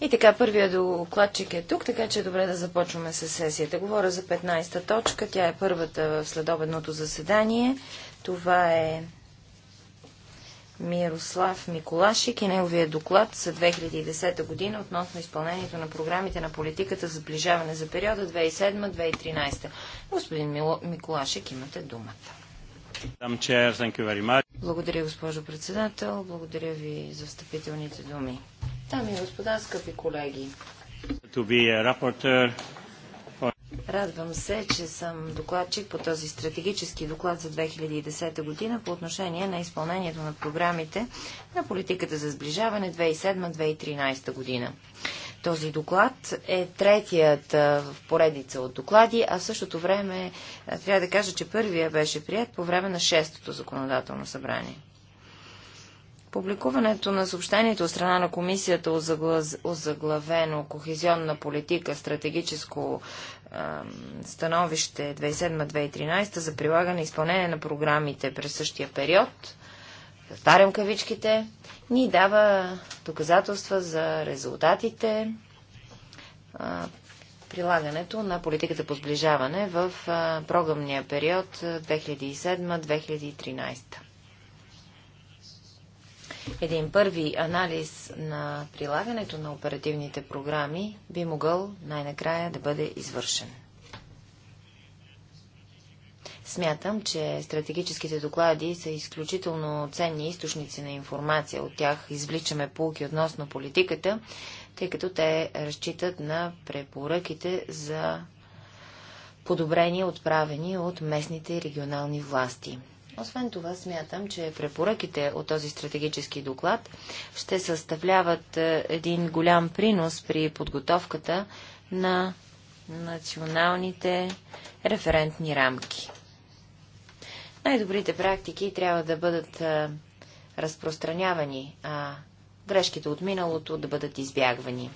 И така, първия докладчик е тук, така че е добре да започваме с сесията. Говоря за 15-та точка. Тя е първата в следобедното заседание. Това е Мирослав Миколашик и неговия доклад за 2010 година относно изпълнението на програмите на политиката за сближаване за периода 2007-2013. Господин Мило... Миколашик, имате думата. Благодаря, госпожо председател. Благодаря ви за встъпителните думи. Дами и господа, скъпи колеги. To be a rapporteur Радвам се, че съм докладчик по този стратегически доклад за 2010 година по отношение на изпълнението на програмите на политиката за сближаване 2007-2013 година. Този доклад е третият в поредица от доклади, а в същото време трябва да кажа, че първия беше прият по време на шестото законодателно събрание. Публикуването на съобщението от страна на комисията озаглавено Кохезионна политика, стратегическо становище 2007-2013 за прилагане и изпълнение на програмите през същия период, затварям кавичките, ни дава доказателства за резултатите, прилагането на политиката по сближаване в програмния период 2007-2013. Един първи анализ на прилагането на оперативните програми би могъл най-накрая да бъде извършен. Смятам, че стратегическите доклади са изключително ценни източници на информация. От тях извличаме полки относно политиката, тъй като те разчитат на препоръките за подобрения, отправени от местните и регионални власти. Освен това, смятам, че препоръките от този стратегически доклад ще съставляват е, един голям принос при подготовката на националните референтни рамки. Най-добрите практики трябва да бъдат е, разпространявани, а грешките от миналото да бъдат избягвани.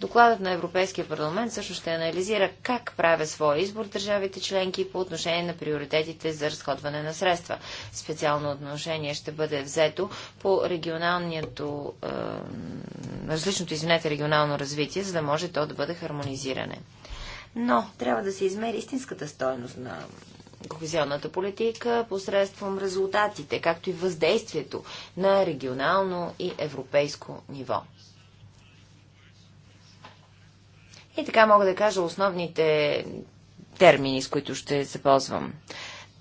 Докладът на Европейския парламент също ще анализира как правя своя избор държавите членки по отношение на приоритетите за разходване на средства. Специално отношение ще бъде взето по регионалното, е, различното, извинете, регионално развитие, за да може то да бъде хармонизиране. Но трябва да се измери истинската стойност на кохезионната политика посредством резултатите, както и въздействието на регионално и европейско ниво. И така мога да кажа основните термини, с които ще се ползвам.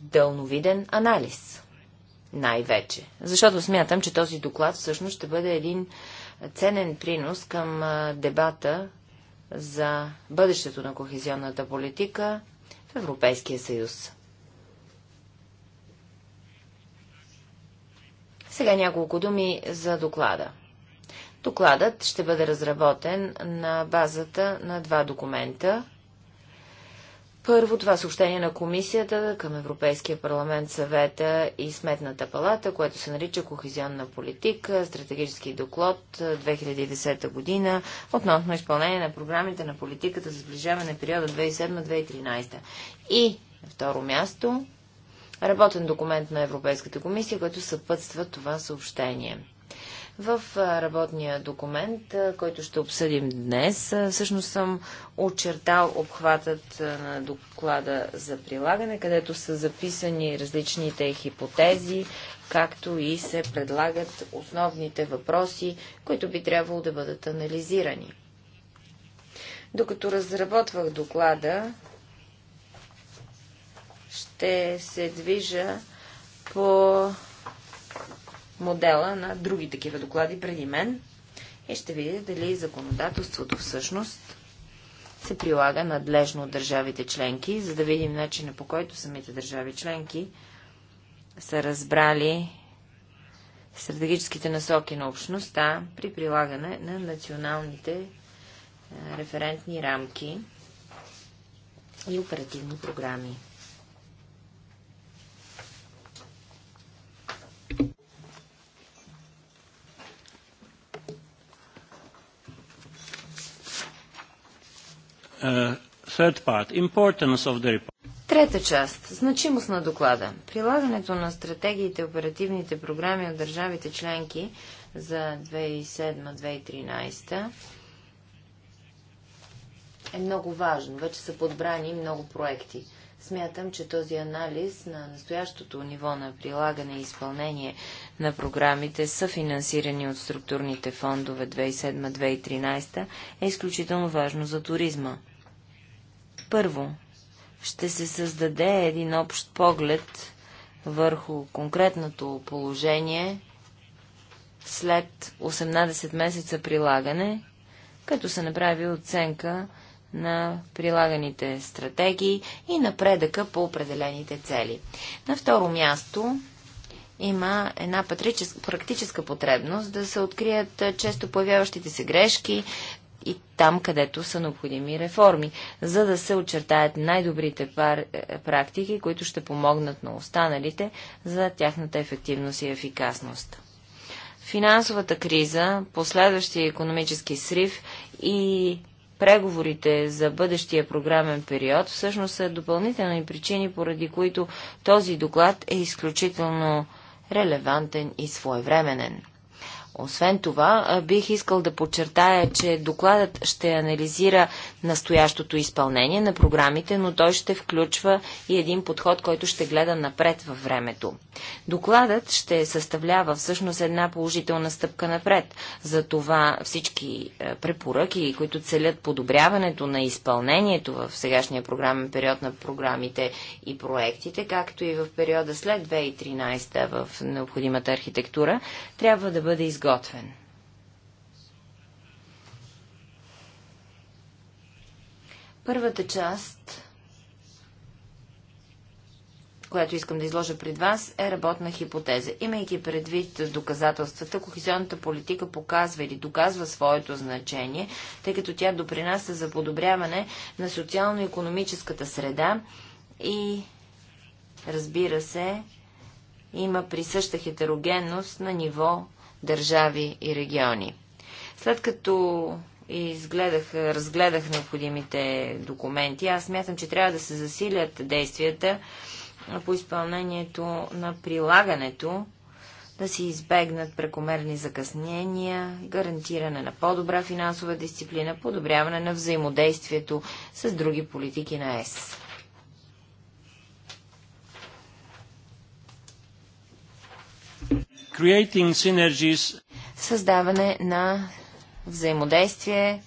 Дълновиден анализ. Най-вече. Защото смятам, че този доклад всъщност ще бъде един ценен принос към дебата за бъдещето на кохезионната политика в Европейския съюз. Сега няколко думи за доклада. Докладът ще бъде разработен на базата на два документа. Първо това съобщение на комисията към Европейския парламент, съвета и Сметната палата, което се нарича Кохезионна политика, стратегически доклад 2010 е, година относно изпълнение на програмите на политиката за сближаване на периода 2007-2013. И на второ място работен документ на Европейската комисия, който съпътства това съобщение. В работния документ, който ще обсъдим днес, всъщност съм очертал обхватът на доклада за прилагане, където са записани различните хипотези, както и се предлагат основните въпроси, които би трябвало да бъдат анализирани. Докато разработвах доклада, ще се движа по модела на други такива доклади преди мен и ще видя дали законодателството всъщност се прилага надлежно от държавите членки, за да видим начина по който самите държави членки са разбрали стратегическите насоки на общността при прилагане на националните е, референтни рамки и оперативни програми. Uh, Трета част. Значимост на доклада. Прилагането на стратегиите и оперативните програми от държавите членки за 2007-2013 е много важно. Вече са подбрани много проекти. Смятам, че този анализ на настоящото ниво на прилагане и изпълнение на програмите, съфинансирани от структурните фондове 2007-2013, е изключително важно за туризма. Първо, ще се създаде един общ поглед върху конкретното положение след 18 месеца прилагане, като се направи оценка на прилаганите стратегии и напредъка по определените цели. На второ място има една практическа потребност да се открият често появяващите се грешки и там, където са необходими реформи, за да се очертаят най-добрите е, практики, които ще помогнат на останалите за тяхната ефективност и ефикасност. Финансовата криза, последващия економически срив и преговорите за бъдещия програмен период всъщност са допълнителни причини, поради които този доклад е изключително релевантен и своевременен. Освен това, бих искал да подчертая, че докладът ще анализира настоящото изпълнение на програмите, но той ще включва и един подход, който ще гледа напред във времето. Докладът ще съставлява всъщност една положителна стъпка напред. За това всички препоръки, които целят подобряването на изпълнението в сегашния програмен период на програмите и проектите, както и в периода след 2013 в необходимата архитектура, трябва да бъде изготвен изготвен. Първата част, която искам да изложа пред вас, е работна хипотеза. Имайки предвид доказателствата, кохезионната политика показва или доказва своето значение, тъй като тя допринася за подобряване на социално-економическата среда и, разбира се, има присъща хетерогенност на ниво държави и региони. След като изгледах, разгледах необходимите документи, аз мятам, че трябва да се засилят действията по изпълнението на прилагането, да се избегнат прекомерни закъснения, гарантиране на по-добра финансова дисциплина, подобряване на взаимодействието с други политики на ЕС. Creating synergies. Създаване на взаимодействие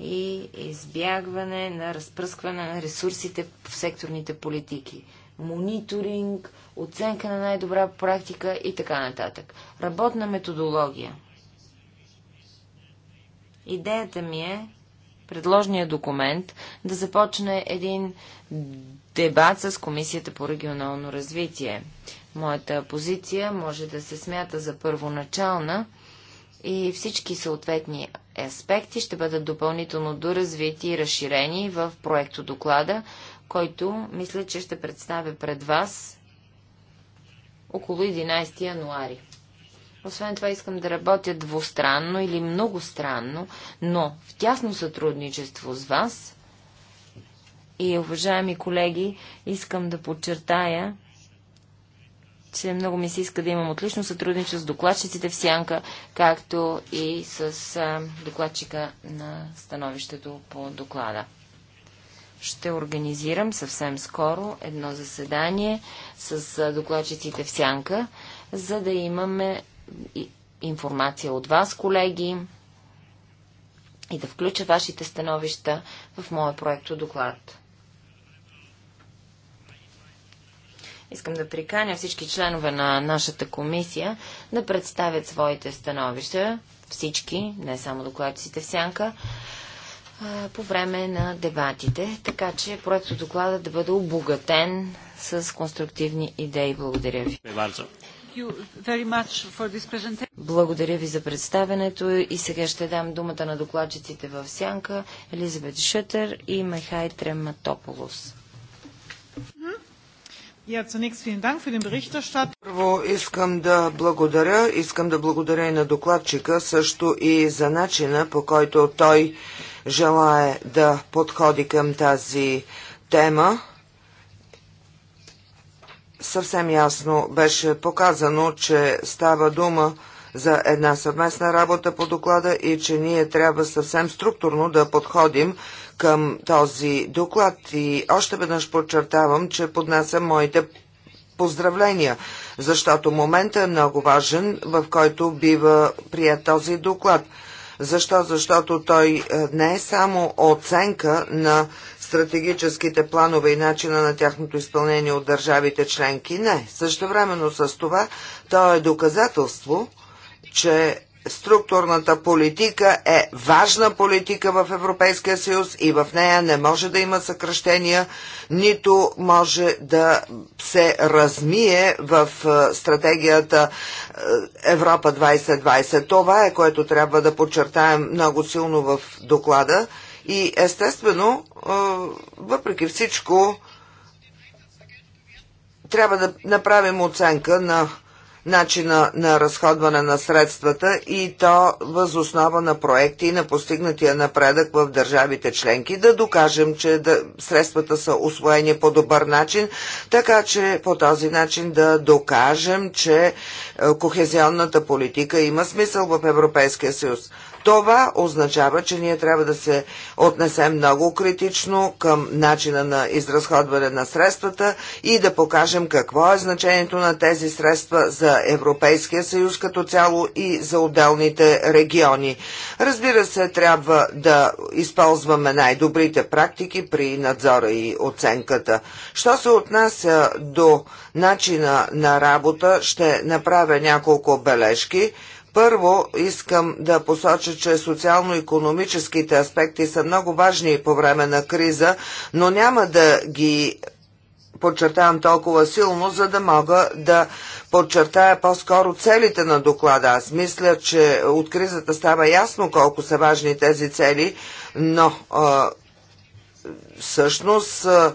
и избягване на разпръскване на ресурсите в секторните политики. Мониторинг, оценка на най-добра практика и така нататък. Работна методология. Идеята ми е предложния документ да започне един дебат с Комисията по регионално развитие. Моята позиция може да се смята за първоначална и всички съответни аспекти ще бъдат допълнително доразвити и разширени в проекто доклада, който мисля, че ще представя пред вас около 11 януари. Освен това искам да работя двустранно или многостранно, но в тясно сътрудничество с вас. И, уважаеми колеги, искам да подчертая, че много ми се иска да имам отлично сътрудничество с докладчиците в Сянка, както и с а, докладчика на становището по доклада. Ще организирам съвсем скоро едно заседание с а, докладчиците в Сянка, за да имаме информация от вас, колеги, и да включа вашите становища в моя проект доклад. Искам да приканя всички членове на нашата комисия да представят своите становища, всички, не само докладчиците в сянка, по време на дебатите, така че проектът доклада да бъде обогатен с конструктивни идеи. Благодаря ви. Благодаря ви за представенето и сега ще дам думата на докладчиците в Сянка, Елизабет Шътър и Михай Трематополос. Първо искам да благодаря, искам да благодаря и на докладчика, също и за начина по който той желае да подходи към тази тема. Съвсем ясно беше показано, че става дума за една съвместна работа по доклада и че ние трябва съвсем структурно да подходим към този доклад и още веднъж подчертавам, че поднасям моите поздравления, защото момента е много важен, в който бива прият този доклад. Защо? Защото той е, не е само оценка на стратегическите планове и начина на тяхното изпълнение от държавите членки. Не. Същевременно с това, то е доказателство, че структурната политика е важна политика в Европейския съюз и в нея не може да има съкръщения, нито може да се размие в е, стратегията е, Европа 2020. Това е което трябва да подчертаем много силно в доклада и естествено, е, въпреки всичко, трябва да направим оценка на начина на разходване на средствата и то възоснова на проекти и на постигнатия напредък в държавите членки, да докажем, че да, средствата са освоени по добър начин, така че по този начин да докажем, че е, кохезионната политика има смисъл в Европейския съюз. Това означава, че ние трябва да се отнесем много критично към начина на изразходване на средствата и да покажем какво е значението на тези средства за Европейския съюз като цяло и за отделните региони. Разбира се, трябва да използваме най-добрите практики при надзора и оценката. Що се отнася до начина на работа, ще направя няколко бележки. Първо искам да посоча, че социално-економическите аспекти са много важни по време на криза, но няма да ги подчертавам толкова силно, за да мога да подчертая по-скоро целите на доклада. Аз мисля, че от кризата става ясно колко са важни тези цели, но а, всъщност а,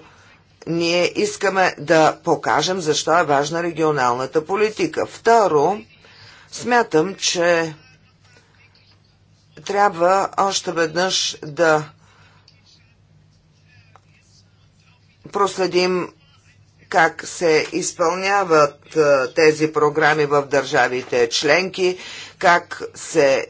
ние искаме да покажем защо е важна регионалната политика. Второ, Смятам, че трябва още веднъж да проследим как се изпълняват тези програми в държавите членки, как се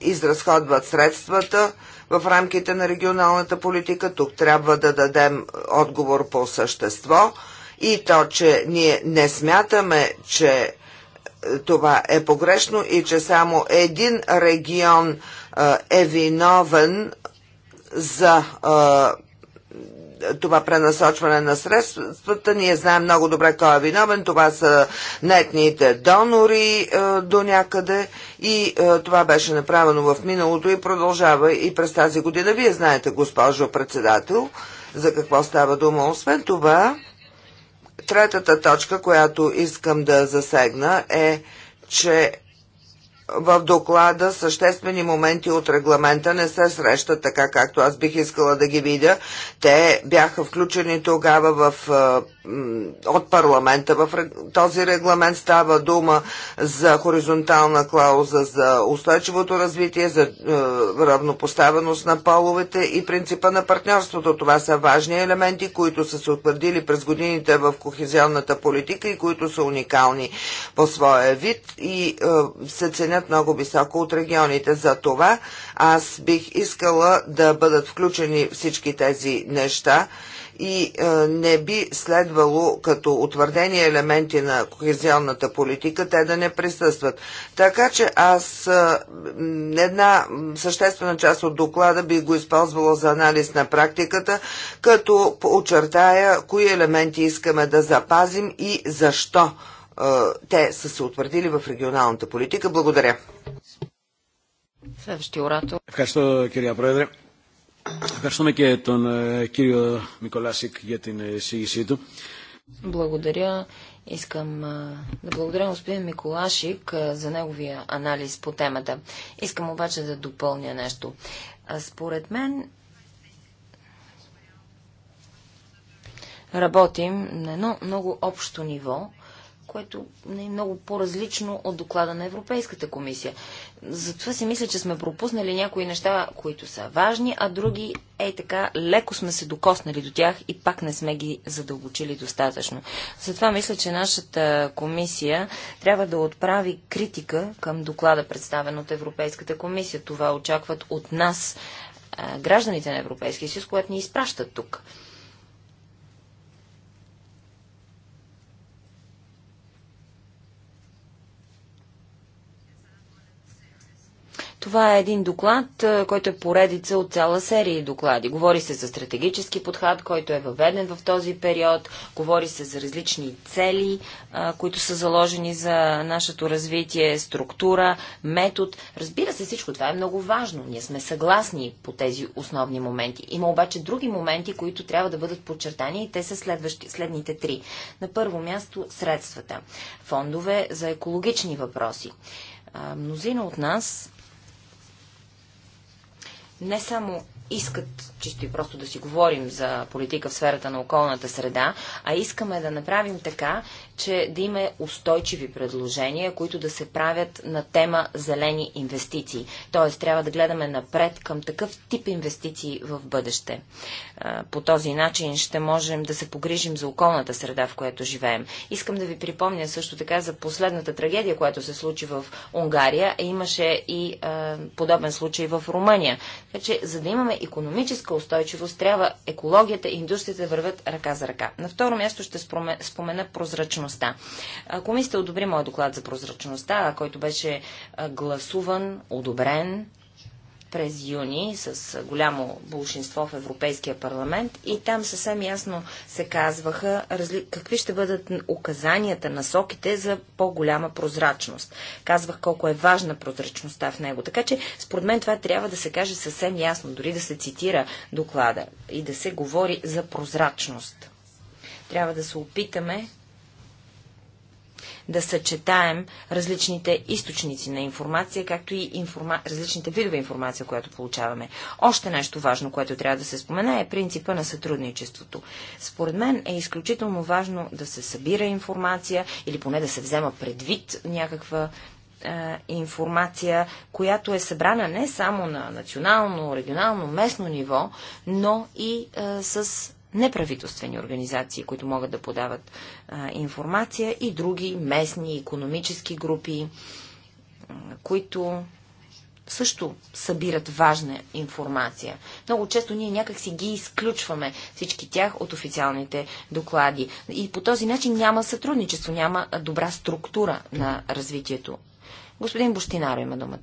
изразходват средствата в рамките на регионалната политика. Тук трябва да дадем отговор по същество и то, че ние не смятаме, че това е погрешно и че само един регион е виновен за това пренасочване на средствата. Ние знаем много добре кой е виновен. Това са нетните донори е, до някъде и е, това беше направено в миналото и продължава и през тази година. Вие знаете, госпожо председател, за какво става дума. Освен това, Третата точка, която искам да засегна е, че в доклада съществени моменти от регламента не се срещат така, както аз бих искала да ги видя. Те бяха включени тогава в, от парламента. В този регламент става дума за хоризонтална клауза за устойчивото развитие, за равнопоставеност на половете и принципа на партньорството. Това са важни елементи, които са се утвърдили през годините в кохезионната политика и които са уникални по своя вид и се ценя ценят много високо от регионите. За това аз бих искала да бъдат включени всички тези неща и е, не би следвало като утвърдени елементи на кохезионната политика те да не присъстват. Така че аз е, една съществена част от доклада би го използвала за анализ на практиката, като очертая кои елементи искаме да запазим и защо те са се утвърдили в регионалната политика. Благодаря. Следващия оратор. Ευχαριστώ, кирия Проедре. Ευχαριστούμε και τον κύριο Μικολάσικ για την εισήγησή του. Благодаря. Искам е, да благодаря господин Миколашик е, за неговия анализ по темата. Искам обаче да допълня нещо. Е, според мен работим на едно много общо ниво, което не е много по-различно от доклада на Европейската комисия. Затова си мисля, че сме пропуснали някои неща, които са важни, а други, ей така, леко сме се докоснали до тях и пак не сме ги задълбочили достатъчно. Затова мисля, че нашата комисия трябва да отправи критика към доклада, представен от Европейската комисия. Това очакват от нас гражданите на Европейския съюз, което ни изпращат тук. Това е един доклад, който е поредица от цяла серия доклади. Говори се за стратегически подход, който е въведен в този период, говори се за различни цели, които са заложени за нашето развитие, структура, метод. Разбира се, всичко това е много важно. Ние сме съгласни по тези основни моменти. Има обаче други моменти, които трябва да бъдат подчертани и те са следващи, следните три. На първо място средствата. Фондове за екологични въпроси. Мнозина от нас не само искат чисто и просто да си говорим за политика в сферата на околната среда, а искаме да направим така, че да има устойчиви предложения, които да се правят на тема зелени инвестиции. Тоест, трябва да гледаме напред към такъв тип инвестиции в бъдеще. По този начин ще можем да се погрижим за околната среда, в която живеем. Искам да ви припомня също така за последната трагедия, която се случи в Унгария. Имаше и подобен случай в Румъния. Така че, за да имаме економическа устойчивост, трябва екологията и индустрията да вървят ръка за ръка. На второ място ще спомена прозрачност прозрачността. Комисията одобри моят доклад за прозрачността, който беше гласуван, одобрен през юни с голямо болшинство в Европейския парламент и там съвсем ясно се казваха разли... какви ще бъдат указанията, насоките за по-голяма прозрачност. Казвах колко е важна прозрачността в него. Така че, според мен, това трябва да се каже съвсем ясно, дори да се цитира доклада и да се говори за прозрачност. Трябва да се опитаме да съчетаем различните източници на информация, както и информа... различните видове информация, която получаваме. Още нещо важно, което трябва да се спомена е принципа на сътрудничеството. Според мен е изключително важно да се събира информация или поне да се взема предвид някаква е, информация, която е събрана не само на национално, регионално, местно ниво, но и а, е, с неправителствени организации, които могат да подават а, информация и други местни економически групи, а, които също събират важна информация. Много често ние някак си ги изключваме всички тях от официалните доклади. И по този начин няма сътрудничество, няма добра структура на развитието. Господин Бощинаро има думата.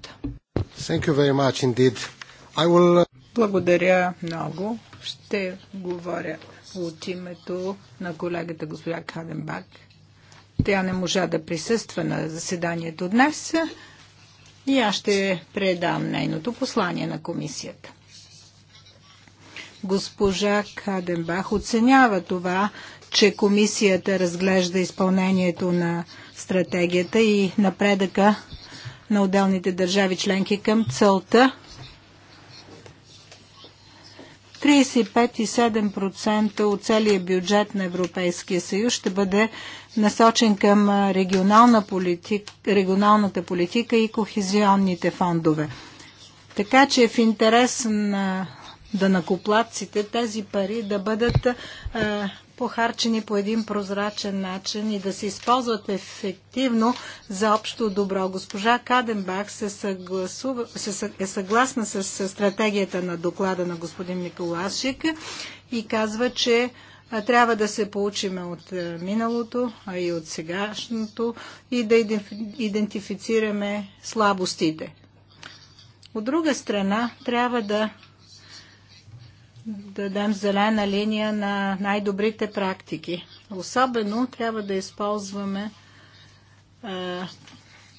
Will... Uh, Благодаря много. Ще говоря от името на колегата госпожа Каденбак. Тя не можа да присъства на заседанието днес и аз ще предам нейното послание на комисията. Госпожа Каденбах оценява това, че комисията разглежда изпълнението на стратегията и напредъка на отделните държави членки към целта 35,7% от целия бюджет на Европейския съюз ще бъде насочен към регионална политик, регионалната политика и кохезионните фондове. Така че в интерес на накоплаците тези пари да бъдат а, похарчени по един прозрачен начин и да се използват ефективно за общо добро. Госпожа Каденбах се съгласува, се, е съгласна с, стратегията на доклада на господин Николашик и казва, че трябва да се получиме от е, миналото, а и от сегашното и да идентифицираме слабостите. От друга страна, трябва да да дадем зелена линия на най-добрите практики. Особено трябва да използваме а,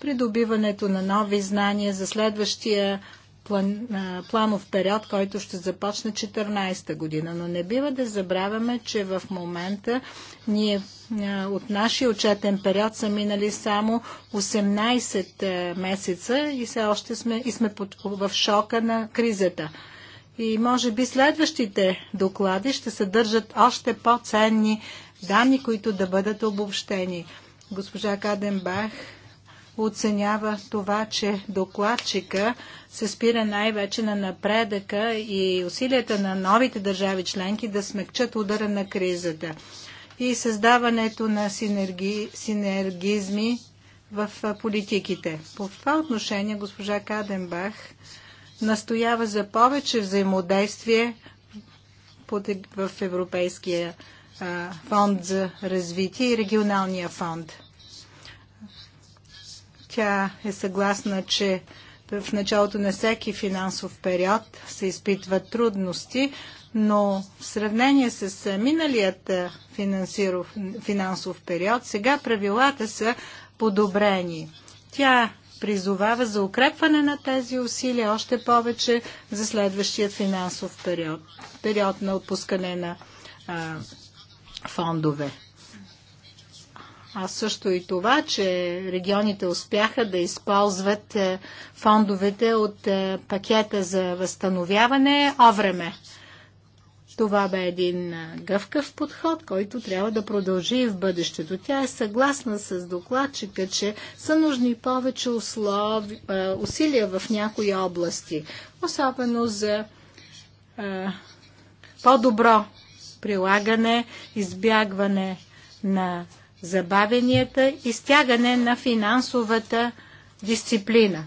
придобиването на нови знания за следващия план, а, планов период, който ще започне 14-та година. Но не бива да забравяме, че в момента ние а, от нашия отчетен период са минали само 18 месеца и все още сме, и сме под, в шока на кризата и може би следващите доклади ще съдържат още по-ценни данни, които да бъдат обобщени. Госпожа Каденбах оценява това, че докладчика се спира най-вече на напредъка и усилията на новите държави членки да смекчат удара на кризата и създаването на синерги, синергизми в политиките. По това отношение госпожа Каденбах настоява за повече взаимодействие е- в Европейския фонд за развитие и регионалния фонд. Тя е съгласна, че в началото на всеки финансов период се изпитват трудности, но в сравнение с миналият финансов период, сега правилата са подобрени. Тя призовава за укрепване на тези усилия още повече за следващия финансов период, период на отпускане на а, фондове. А също и това, че регионите успяха да използват е, фондовете от е, пакета за възстановяване овреме. Това бе един гъвкав подход, който трябва да продължи и в бъдещето. Тя е съгласна с докладчика, че са нужни повече услови, усилия в някои области, особено за по-добро прилагане, избягване на забавенията и стягане на финансовата дисциплина.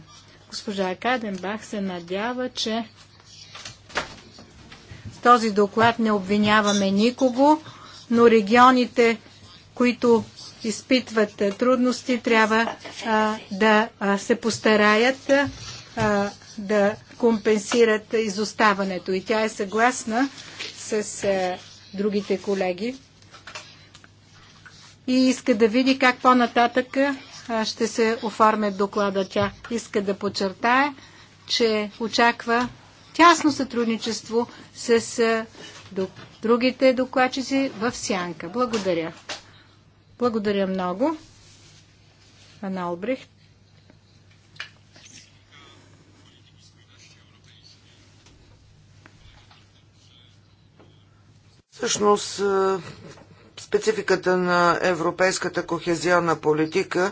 Госпожа Каденбах се надява, че този доклад не обвиняваме никого, но регионите, които изпитват трудности, трябва а, да се постараят а, да компенсират изоставането. И тя е съгласна с а, другите колеги и иска да види как по-нататък ще се оформят доклада. Тя иска да подчертае, че очаква тясно сътрудничество с другите докладчици в Сянка. Благодаря. Благодаря много. Ана Олбрихт. Всъщност Спецификата на европейската кохезионна политика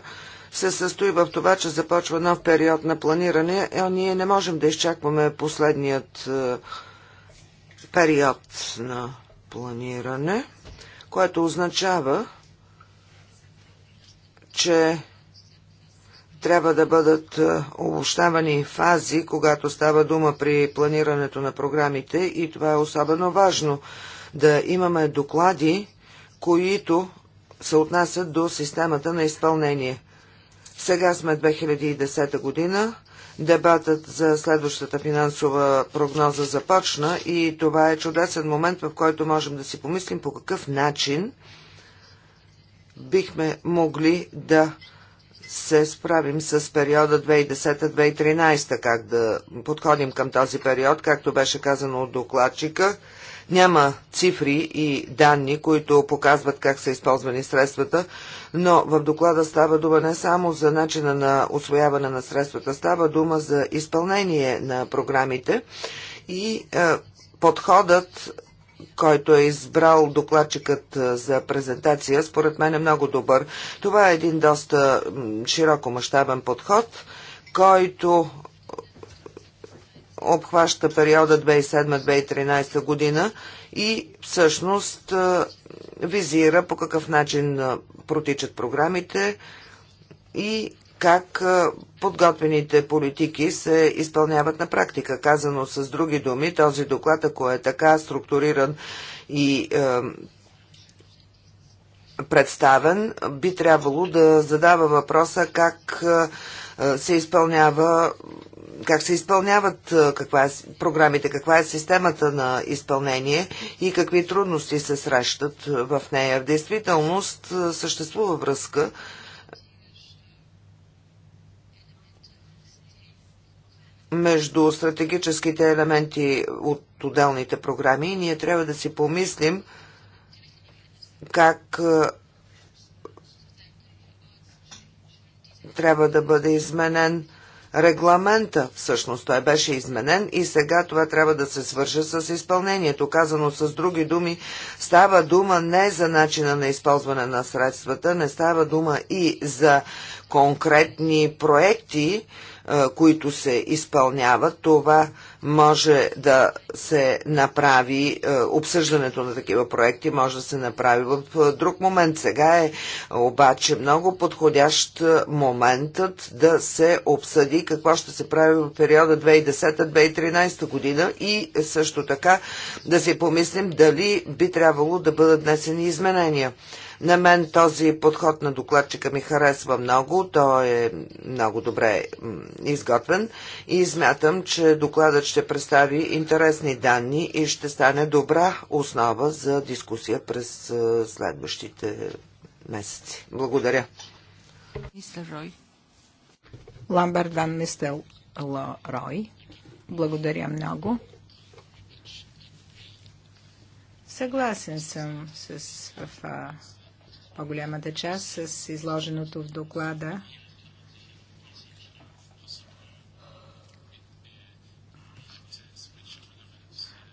се състои в това, че започва нов период на планиране, а ние не можем да изчакваме последният е, период на планиране, което означава, че трябва да бъдат е, обобщавани фази, когато става дума при планирането на програмите и това е особено важно да имаме доклади, които се отнасят до системата на изпълнение. Сега сме 2010 година. Дебатът за следващата финансова прогноза започна и това е чудесен момент, в който можем да си помислим по какъв начин бихме могли да се справим с периода 2010-2013, как да подходим към този период, както беше казано от докладчика. Няма цифри и данни, които показват как са използвани средствата, но в доклада става дума не само за начина на освояване на средствата, става дума за изпълнение на програмите и е, подходът който е избрал докладчикът е, за презентация, според мен е много добър. Това е един доста широко мащабен подход, който обхваща периода 2007-2013 година и всъщност визира по какъв начин протичат програмите и как подготвените политики се изпълняват на практика. Казано с други думи, този доклад, ако е така структуриран и е, представен, би трябвало да задава въпроса как е, се изпълнява как се изпълняват каква е, програмите, каква е системата на изпълнение и какви трудности се срещат в нея. В действителност съществува връзка между стратегическите елементи от отделните програми и ние трябва да си помислим как трябва да бъде изменен регламента. Всъщност той беше изменен и сега това трябва да се свърже с изпълнението. Казано с други думи, става дума не за начина на използване на средствата, не става дума и за конкретни проекти, които се изпълняват. Това може да се направи, обсъждането на такива проекти може да се направи в друг момент. Сега е обаче много подходящ моментът да се обсъди какво ще се прави в периода 2010-2013 година и също така да си помислим дали би трябвало да бъдат внесени изменения. На мен този подход на докладчика ми харесва много. Той е много добре изготвен и смятам, че докладът ще представи интересни данни и ще стане добра основа за дискусия през следващите месеци. Благодаря. Мистер Рой. Ламберт Ван Мистер Рой. Благодаря много. Съгласен съм с в, а, по-голямата част с изложеното в доклада.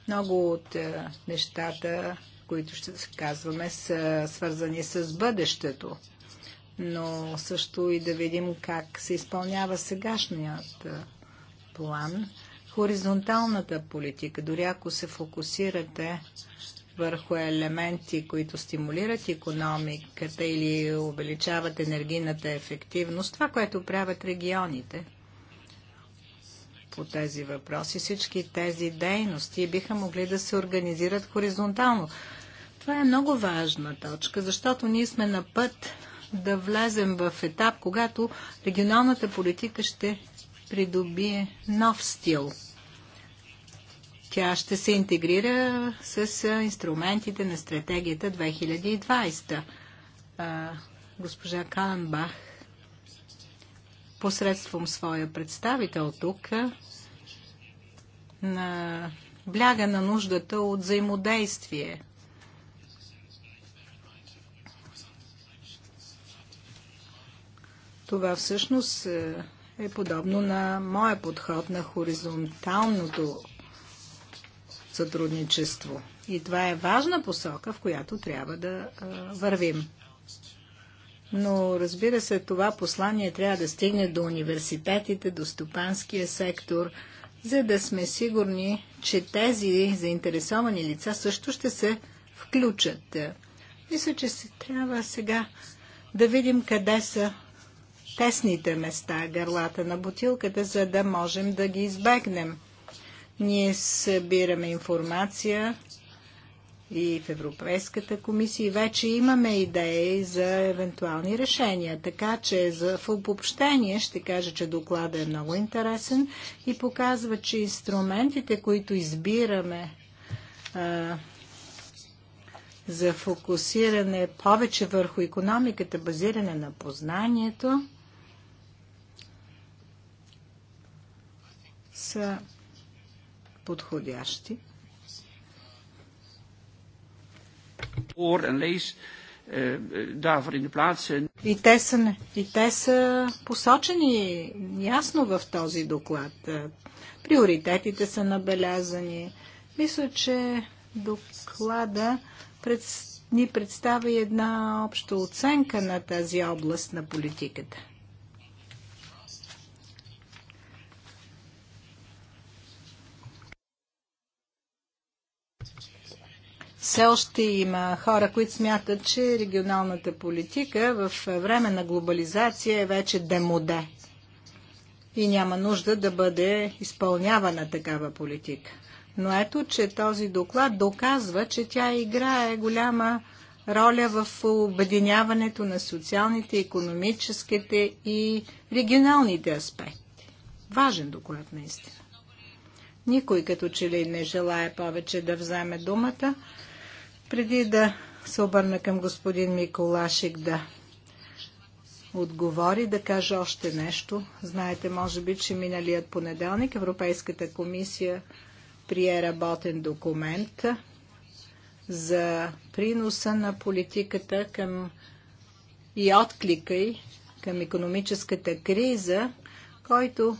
Много от е, нещата, които ще казваме, са свързани с бъдещето, но също и да видим как се изпълнява сегашният е, план хоризонталната политика, дори ако се фокусирате върху елементи, които стимулират економиката или увеличават енергийната ефективност, това, което правят регионите по тези въпроси, всички тези дейности биха могли да се организират хоризонтално. Това е много важна точка, защото ние сме на път да влезем в етап, когато регионалната политика ще придобие нов стил – тя ще се интегрира с инструментите на стратегията 2020. Госпожа Каленбах посредством своя представител тук на бляга на нуждата от взаимодействие. Това всъщност е подобно на моя подход на хоризонталното сътрудничество. И това е важна посока, в която трябва да а, вървим. Но разбира се, това послание трябва да стигне до университетите, до стопанския сектор, за да сме сигурни, че тези заинтересовани лица също ще се включат. Мисля, че се трябва сега да видим къде са тесните места, гърлата на бутилката, за да можем да ги избегнем. Ние събираме информация и в Европейската комисия и вече имаме идеи за евентуални решения. Така че за, в обобщение ще кажа, че докладът е много интересен и показва, че инструментите, които избираме а, за фокусиране повече върху економиката, базиране на познанието, са подходящи. Eh, и те, са, и те са посочени ясно в този доклад. Е, приоритетите са набелязани. Мисля, че доклада пред, ни представя една обща оценка на тази област на политиката. все още има хора, които смятат, че регионалната политика в време на глобализация е вече демоде и няма нужда да бъде изпълнявана такава политика. Но ето, че този доклад доказва, че тя играе голяма роля в обединяването на социалните, економическите и регионалните аспекти. Важен доклад, наистина. Никой като че ли не желая повече да вземе думата. Преди да се обърна към господин Миколашик да отговори, да каже още нещо. Знаете, може би, че миналият понеделник Европейската комисия прие работен документ за приноса на политиката към и отклика й към економическата криза, който,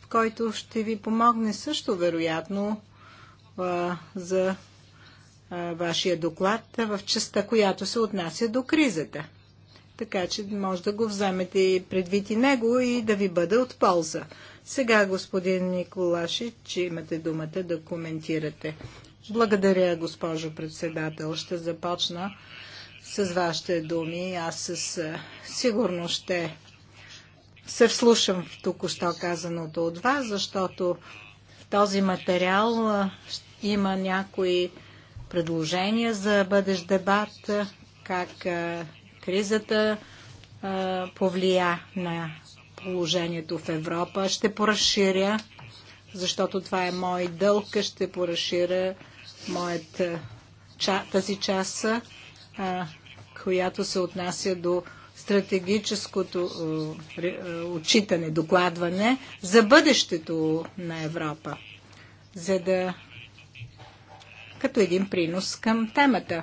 в който ще ви помогне също, вероятно, за вашия доклад в частта, която се отнася до кризата. Така че може да го вземете предвид и него и да ви бъде от полза. Сега, господин че имате думата да коментирате. Благодаря, госпожо председател. Ще започна с вашите думи. Аз със сигурност ще се вслушам в току-що казаното от вас, защото в този материал има някои предложения за бъдещ дебат, как кризата повлия на положението в Европа. Ще поразширя, защото това е мой дълг, ще поразширя моят, тази част, която се отнася до стратегическото отчитане, докладване за бъдещето на Европа, за да като един принос към темата.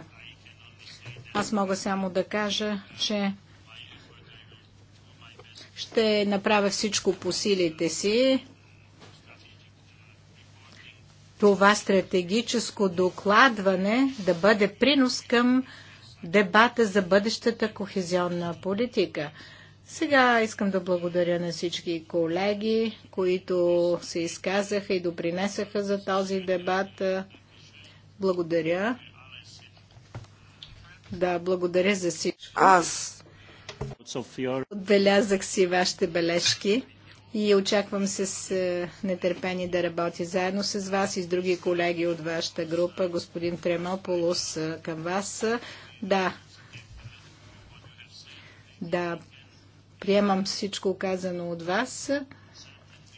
Аз мога само да кажа, че ще направя всичко по силите си това стратегическо докладване да бъде принос към дебата за бъдещата кохезионна политика. Сега искам да благодаря на всички колеги, които се изказаха и допринесаха за този дебат. Благодаря. Да, благодаря за всичко. Аз. Отбелязах си вашите бележки и очаквам с е, нетърпение да работя заедно с вас и с други колеги от вашата група. Господин Тремополос е, към вас. Да. Да. Приемам всичко казано от вас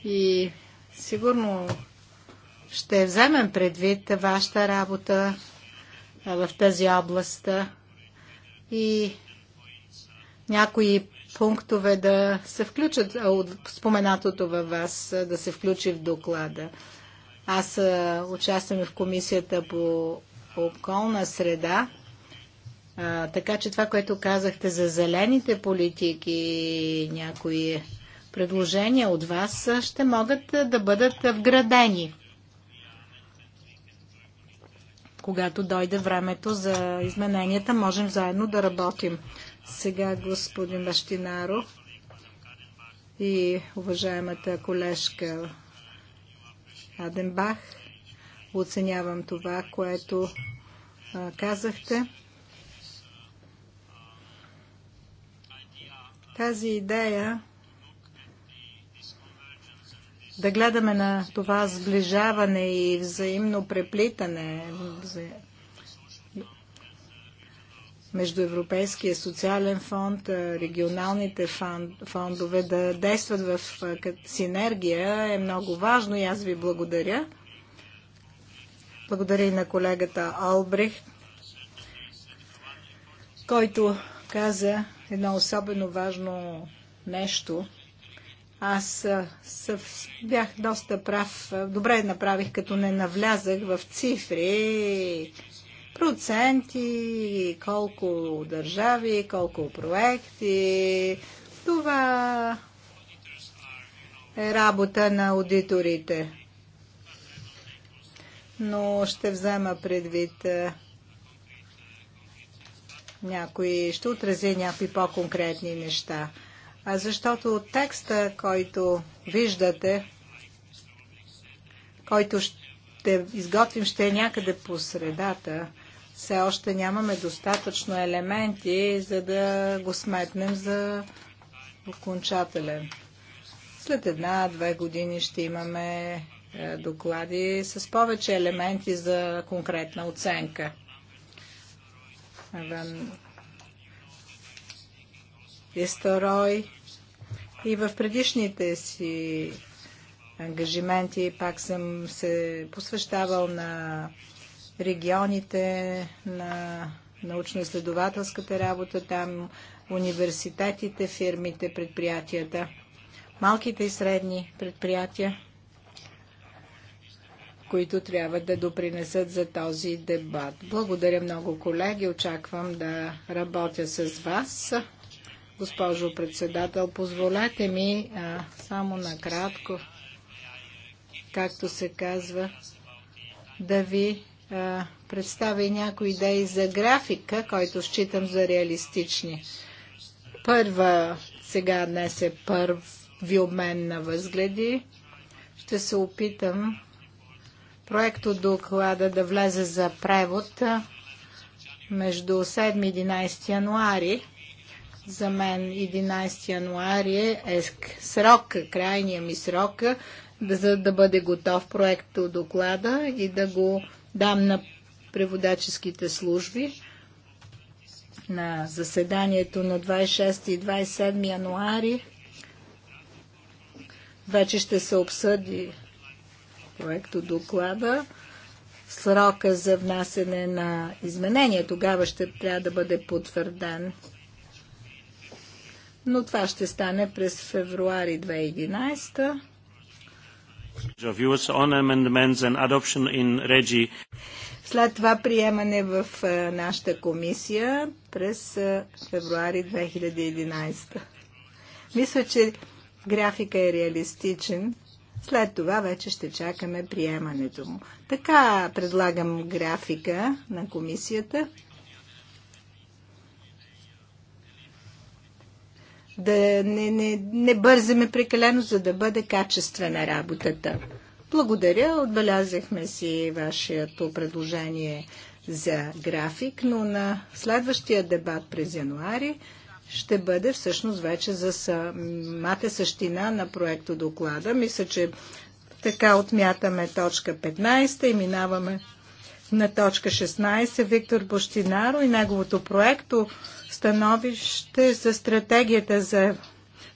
и сигурно ще вземем предвид вашата работа в тази област и някои пунктове да се включат от споменатото във вас, да се включи в доклада. Аз участвам в комисията по околна среда, а, така че това, което казахте за зелените политики, и някои предложения от вас ще могат да бъдат вградени когато дойде времето за измененията, можем заедно да работим. Сега господин Бащинаров и уважаемата колежка Аденбах. Оценявам това, което а, казахте. Тази идея да гледаме на това сближаване и взаимно преплитане между Европейския социален фонд, регионалните фондове, да действат в синергия е много важно и аз ви благодаря. Благодаря и на колегата Албрих, който каза едно особено важно нещо аз съв, бях доста прав. Добре направих, като не навлязах в цифри, проценти, колко държави, колко проекти. Това е работа на аудиторите. Но ще взема предвид някои, ще отрази някои по-конкретни неща защото текста, който виждате, който ще изготвим, ще е някъде по средата. Все още нямаме достатъчно елементи, за да го сметнем за окончателен. След една-две години ще имаме е, доклади с повече елементи за конкретна оценка. Ван Исторой и в предишните си ангажименти пак съм се посвещавал на регионите, на научно-изследователската работа там, университетите, фирмите, предприятията, малките и средни предприятия, които трябва да допринесат за този дебат. Благодаря много, колеги. Очаквам да работя с вас Госпожо председател, позволете ми а, само накратко, както се казва, да ви а, представя някои идеи за графика, който считам за реалистични. Първа, сега днес е първи обмен на възгледи. Ще се опитам проекто доклада да влезе за превод между 7 и 11 януари за мен 11 януари е срок, крайния ми срок, за да бъде готов проект от доклада и да го дам на преводаческите служби на заседанието на 26 и 27 януари вече ще се обсъди проекто доклада. Срока за внасене на изменения тогава ще трябва да бъде потвърден но това ще стане през февруари 2011. След това приемане в е, нашата комисия през е, февруари 2011. Мисля, че графика е реалистичен. След това вече ще чакаме приемането му. Така предлагам графика на комисията. да не, не, не бързаме прекалено, за да бъде качествена работата. Благодаря, отбелязахме си вашето предложение за график, но на следващия дебат през януари ще бъде всъщност вече за самата същина на проекто доклада. Мисля, че така отмятаме точка 15 и минаваме на точка 16 Виктор Бощинаро и неговото проекто становище за стратегията за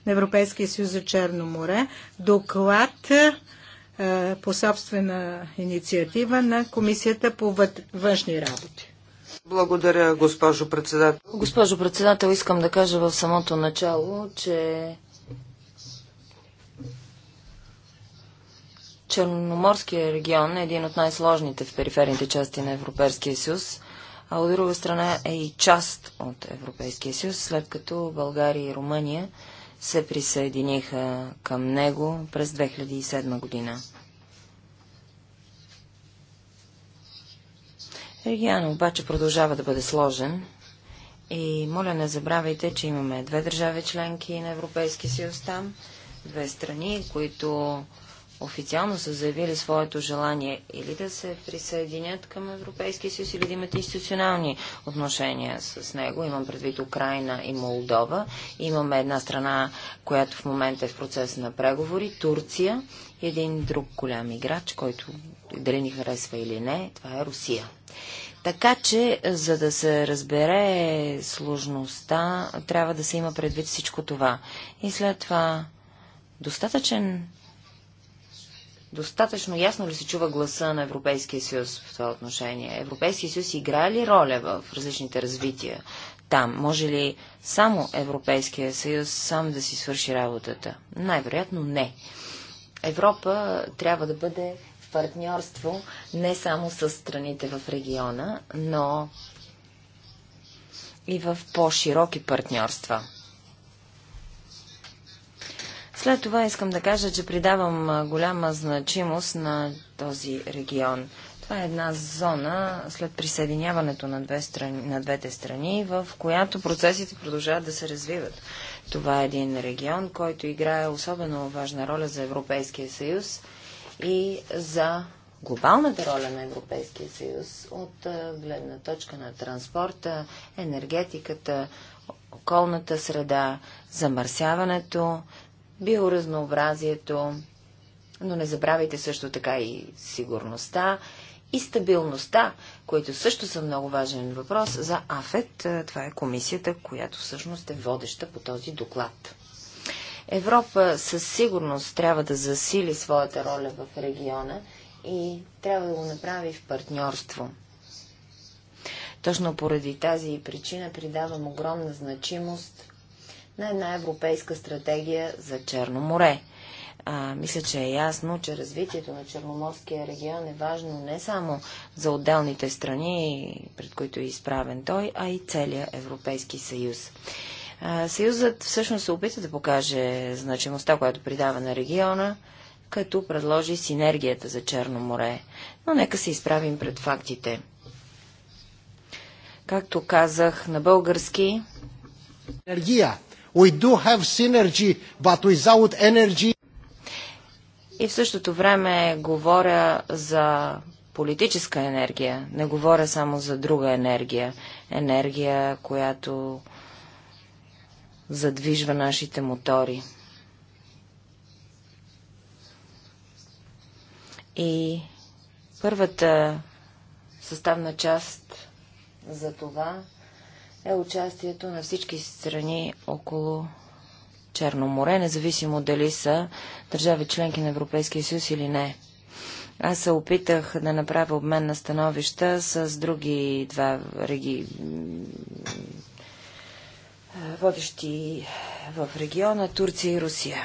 Европейския съюз за Черно море. Доклад е, по собствена инициатива на Комисията по външни работи. Благодаря, госпожо председател. Госпожо председател, искам да кажа в самото начало, че Черноморския регион е един от най-сложните в периферните части на Европейския съюз, а от друга страна е и част от Европейския съюз, след като България и Румъния се присъединиха към него през 2007 година. Региона обаче продължава да бъде сложен и моля не забравяйте, че имаме две държави членки на Европейския съюз там, две страни, които официално са заявили своето желание или да се присъединят към Европейския съюз, или да имат институционални отношения с него. Имам предвид Украина и Молдова. Имаме една страна, която в момента е в процес на преговори, Турция и един друг голям играч, който дали ни харесва или не, това е Русия. Така че, за да се разбере сложността, трябва да се има предвид всичко това. И след това достатъчен Достатъчно ясно ли се чува гласа на Европейския съюз в това отношение? Европейския съюз играе ли роля в различните развития там? Може ли само Европейския съюз сам да си свърши работата? Най-вероятно не. Европа трябва да бъде в партньорство не само с страните в региона, но и в по-широки партньорства. След това искам да кажа, че придавам голяма значимост на този регион. Това е една зона след присъединяването на, две страни, на двете страни, в която процесите продължават да се развиват. Това е един регион, който играе особено важна роля за Европейския съюз и за глобалната роля на Европейския съюз от гледна точка на транспорта, енергетиката, околната среда, замърсяването, биоразнообразието, но не забравяйте също така и сигурността и стабилността, които също са много важен въпрос за АФЕТ. Това е комисията, която всъщност е водеща по този доклад. Европа със сигурност трябва да засили своята роля в региона и трябва да го направи в партньорство. Точно поради тази причина придавам огромна значимост на една европейска стратегия за Черно море. А, мисля, че е ясно, че развитието на Черноморския регион е важно не само за отделните страни, пред които е изправен той, а и целия Европейски съюз. А, съюзът всъщност се опита да покаже значимостта, която придава на региона, като предложи синергията за Черно море. Но нека се изправим пред фактите. Както казах на български... Енергия We do have synergy, but without energy... И в същото време говоря за политическа енергия. Не говоря само за друга енергия. Енергия, която задвижва нашите мотори. И първата съставна част за това е участието на всички страни около Черно море, независимо дали са държави членки на Европейския съюз или не. Аз се опитах да направя обмен на становища с други два реги... водещи в региона Турция и Русия.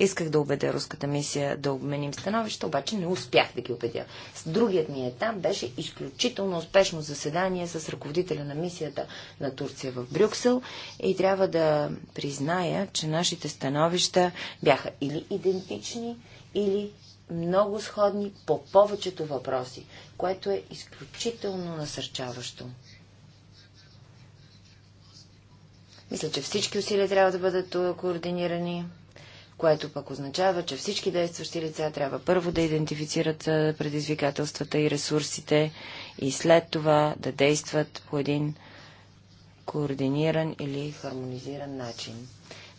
Исках да убедя руската мисия да обменим становища, обаче не успях да ги убедя. С другият ми етап беше изключително успешно заседание с ръководителя на мисията на Турция в Брюксел и трябва да призная, че нашите становища бяха или идентични, или много сходни по повечето въпроси, което е изключително насърчаващо. Мисля, че всички усилия трябва да бъдат координирани което пък означава, че всички действащи лица трябва първо да идентифицират предизвикателствата и ресурсите и след това да действат по един координиран или хармонизиран начин.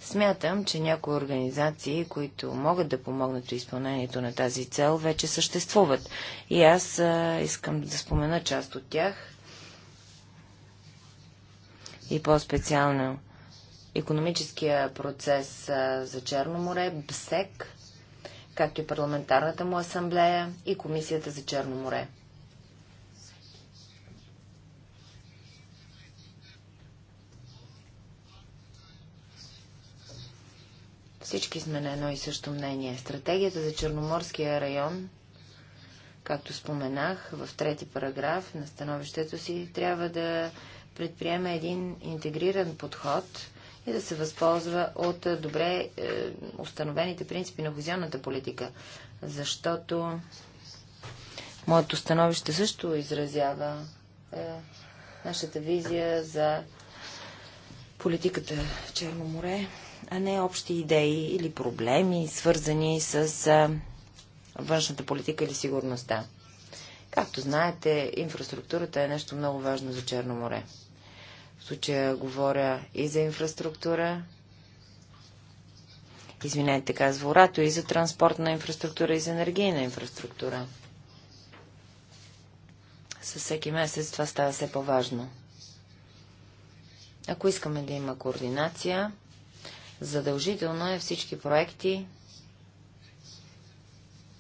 Смятам, че някои организации, които могат да помогнат при изпълнението на тази цел, вече съществуват. И аз а, искам да спомена част от тях. И по-специално економическия процес за Черно море, БСЕК, както и парламентарната му асамблея и Комисията за Черно море. Всички сме на едно и също мнение. Стратегията за Черноморския район, както споменах в трети параграф на становището си, трябва да предприеме един интегриран подход – и да се възползва от е, добре е, установените принципи на хозяйната политика. Защото моето становище също изразява е, нашата визия за политиката в Черно море, а не общи идеи или проблеми, свързани с е, външната политика или сигурността. Както знаете, инфраструктурата е нещо много важно за Черно море. В случая говоря и за инфраструктура, извинете, така зворато и за транспортна инфраструктура, и за енергийна инфраструктура. Със всеки месец това става все по-важно. Ако искаме да има координация, задължително е всички проекти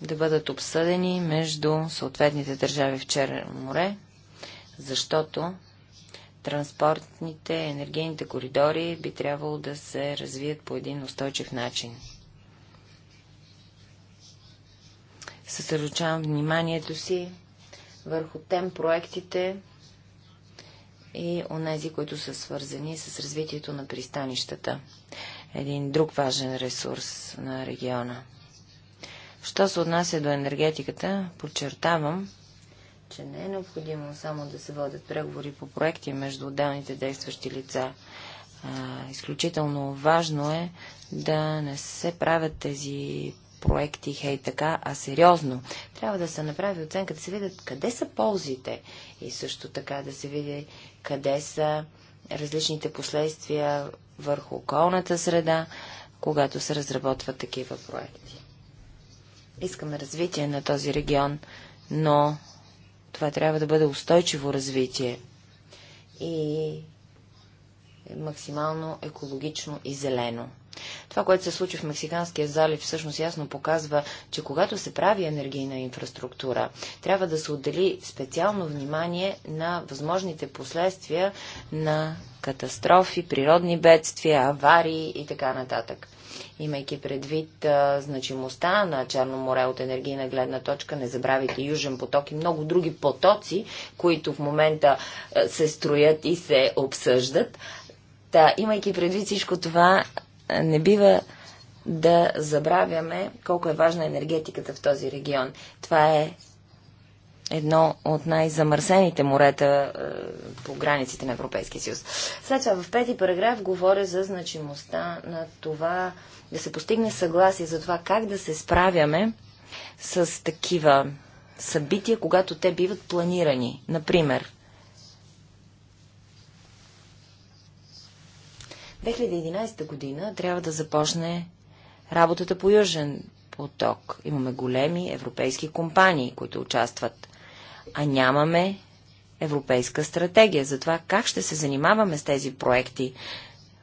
да бъдат обсъдени между съответните държави в Черно море, защото транспортните, енергийните коридори би трябвало да се развият по един устойчив начин. Съсредоточавам вниманието си върху тем проектите и онези, които са свързани с развитието на пристанищата. Един друг важен ресурс на региона. Що се отнася до енергетиката, подчертавам, че не е необходимо само да се водят преговори по проекти между отделните действащи лица. А, изключително важно е да не се правят тези проекти хей така, а сериозно. Трябва да се направи оценка, да се видят къде са ползите и също така да се види къде са различните последствия върху околната среда, когато се разработват такива проекти. Искаме развитие на този регион, но това трябва да бъде устойчиво развитие и максимално екологично и зелено. Това, което се случи в Мексиканския залив, всъщност ясно показва, че когато се прави енергийна инфраструктура, трябва да се отдели специално внимание на възможните последствия на катастрофи, природни бедствия, аварии и така нататък имайки предвид а, значимостта на Черно море от енергийна гледна точка, не забравяйте Южен поток и много други потоци, които в момента а, се строят и се обсъждат. Та, имайки предвид всичко това, не бива да забравяме колко е важна енергетиката в този регион. Това е едно от най-замърсените морета е, по границите на Европейския съюз. След това в пети параграф говоря за значимостта на това да се постигне съгласие за това как да се справяме с такива събития, когато те биват планирани. Например, 2011 година трябва да започне работата по Южен поток. Имаме големи европейски компании, които участват а нямаме европейска стратегия за това как ще се занимаваме с тези проекти.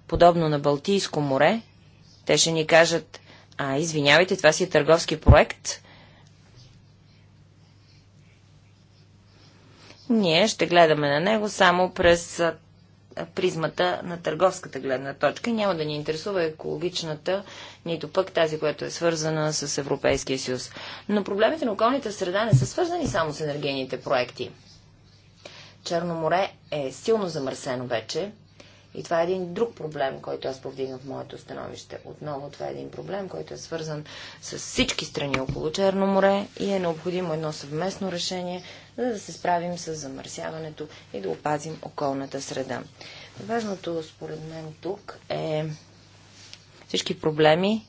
Подобно на Балтийско море, те ще ни кажат, а извинявайте, това си е търговски проект. Ние ще гледаме на него само през призмата на търговската гледна точка. Няма да ни интересува екологичната, нито пък тази, която е свързана с Европейския съюз. Но проблемите на околната среда не са свързани само с енергийните проекти. Черно море е силно замърсено вече. И това е един друг проблем, който аз повдигнах в моето становище. Отново това е един проблем, който е свързан с всички страни около Черно море и е необходимо едно съвместно решение, за да се справим с замърсяването и да опазим околната среда. Важното според мен тук е всички проблеми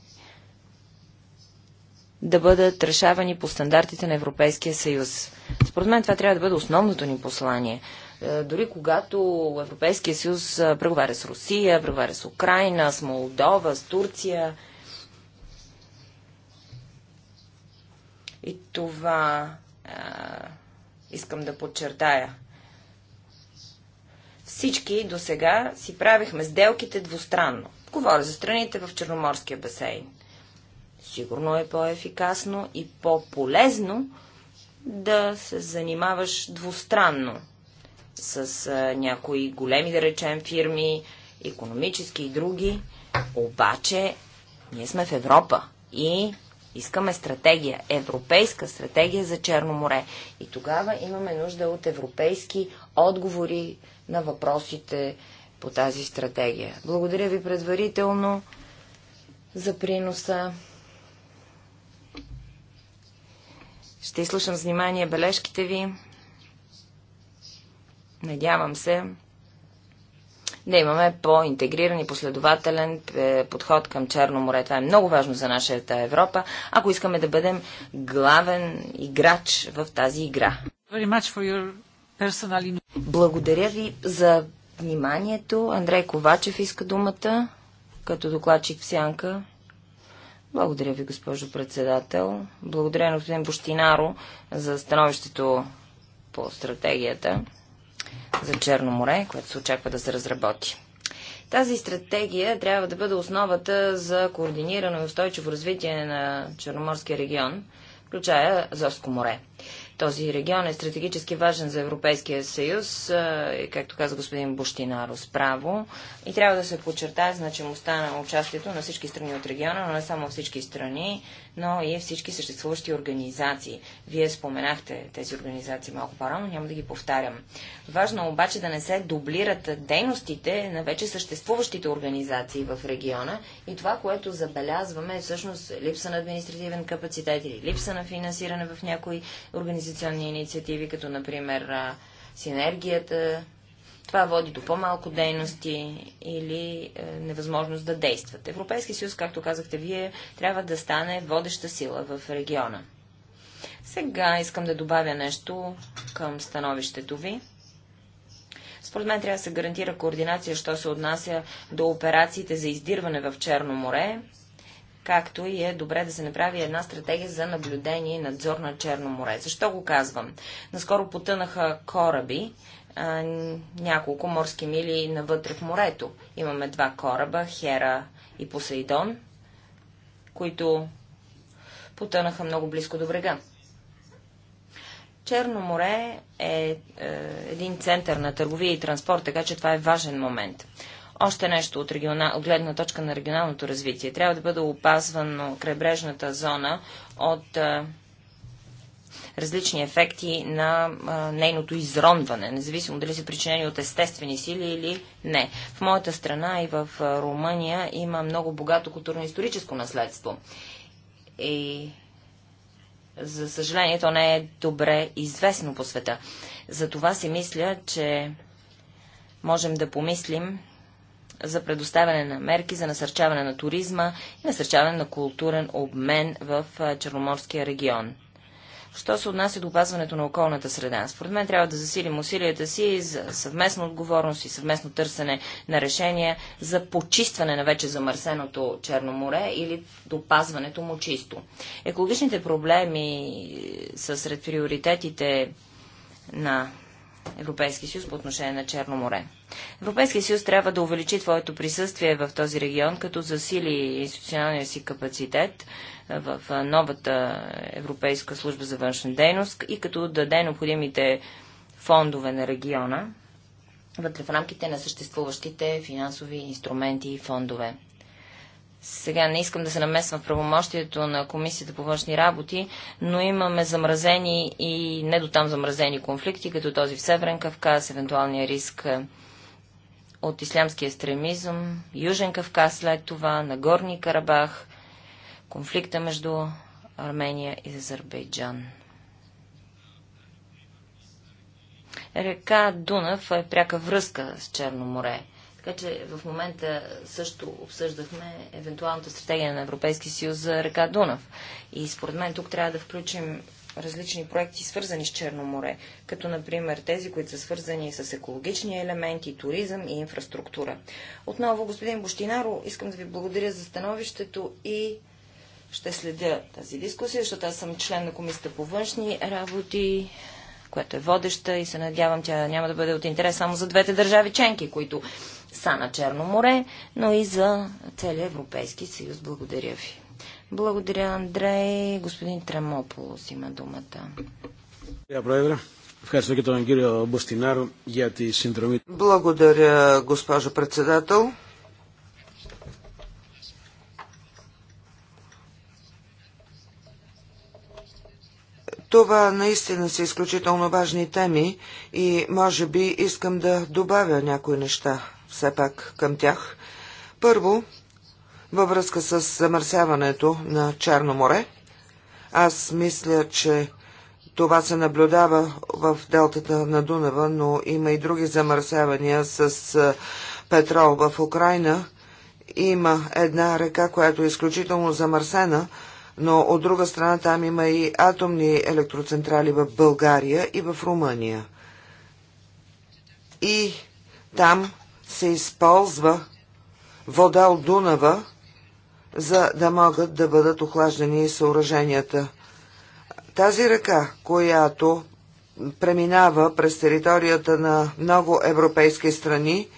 да бъдат решавани по стандартите на Европейския съюз. Според мен това трябва да бъде основното ни послание. Е, дори когато Европейския съюз е, преговаря с Русия, преговаря с Украина, с Молдова, с Турция. И това е, искам да подчертая. Всички до сега си правихме сделките двустранно. Говоря за страните в Черноморския басейн. Сигурно е по-ефикасно и по-полезно да се занимаваш двустранно с а, някои големи, да речем, фирми, економически и други. Обаче, ние сме в Европа и Искаме стратегия, европейска стратегия за Черно море. И тогава имаме нужда от европейски отговори на въпросите по тази стратегия. Благодаря ви предварително за приноса. Ще изслушам внимание бележките ви. Надявам се, да имаме по-интегриран и последователен е, подход към Черно море. Това е много важно за нашата Европа, ако искаме да бъдем главен играч в тази игра. Благодаря ви за вниманието. Андрей Ковачев иска думата като докладчик в сянка. Благодаря ви, госпожо председател. Благодаря на господин Бощинаро за становището по стратегията за Черно море, което се очаква да се разработи. Тази стратегия трябва да бъде основата за координирано и устойчиво развитие на Черноморския регион, включая Азовско море. Този регион е стратегически важен за Европейския съюз, както каза господин Буштинаро справо, и трябва да се подчертае значимостта на участието на всички страни от региона, но не само всички страни, но и всички съществуващи организации. Вие споменахте тези организации малко по-рано, няма да ги повтарям. Важно обаче да не се дублират дейностите на вече съществуващите организации в региона и това, което забелязваме е всъщност липса на административен капацитет или липса на финансиране в някои организационни инициативи, като например синергията това води до по-малко дейности или е, невъзможност да действат. Европейски съюз, както казахте вие, трябва да стане водеща сила в региона. Сега искам да добавя нещо към становището ви. Според мен трябва да се гарантира координация, що се отнася до операциите за издирване в Черно море, както и е добре да се направи една стратегия за наблюдение и надзор на Черно море. Защо го казвам? Наскоро потънаха кораби а, няколко морски мили навътре в морето. Имаме два кораба, Хера и Посейдон, които потънаха много близко до брега. Черно море е, е един център на търговия и транспорт, така че това е важен момент. Още нещо от, регионал, от гледна точка на регионалното развитие. Трябва да бъде опазвано крайбрежната зона от е, различни ефекти на а, нейното изронване, независимо дали са причинени от естествени сили или не. В моята страна и в Румъния има много богато културно-историческо наследство. И за съжаление, то не е добре известно по света. Затова си мисля, че можем да помислим за предоставяне на мерки, за насърчаване на туризма и насърчаване на културен обмен в Черноморския регион. Що се отнася до опазването на околната среда? Според мен трябва да засилим усилията си за съвместна отговорност и съвместно търсене на решения за почистване на вече замърсеното Черно море или допазването му чисто. Екологичните проблеми е, са сред приоритетите на Европейския съюз по отношение на Черно море. Европейския съюз трябва да увеличи твоето присъствие в този регион, като засили институционалния си капацитет в новата Европейска служба за външна дейност и като даде необходимите фондове на региона вътре в рамките на съществуващите финансови инструменти и фондове. Сега не искам да се намесвам в правомощието на Комисията по външни работи, но имаме замразени и не до там замразени конфликти, като този в Северен Кавказ, евентуалния риск е, от ислямски екстремизъм, Южен Кавказ след това, Нагорни Карабах, конфликта между Армения и Азербайджан. Река Дунав е пряка връзка с Черно море. Така че в момента също обсъждахме евентуалната стратегия на Европейския съюз за река Дунав. И според мен тук трябва да включим различни проекти, свързани с Черно море, като например тези, които са свързани с екологични елементи, туризъм и инфраструктура. Отново, господин Бощинаро, искам да ви благодаря за становището и ще следя тази дискусия, защото аз съм член на Комисията по външни работи, която е водеща и се надявам тя няма да бъде от интерес само за двете държави ченки, които са на Черно море, но и за целия Европейски съюз. Благодаря ви. Благодаря, Андрей. Господин Тремополос има думата. Благодаря, госпожо председател. Това наистина са изключително важни теми и може би искам да добавя някои неща все пак към тях. Първо, във връзка с замърсяването на Черно море. Аз мисля, че това се наблюдава в делтата на Дунава, но има и други замърсявания с петрол в Украина. Има една река, която е изключително замърсена, но от друга страна там има и атомни електроцентрали в България и в Румъния. И там се използва вода от Дунава, за да могат да бъдат охлаждани съоръженията. Тази ръка, която преминава през територията на много европейски страни,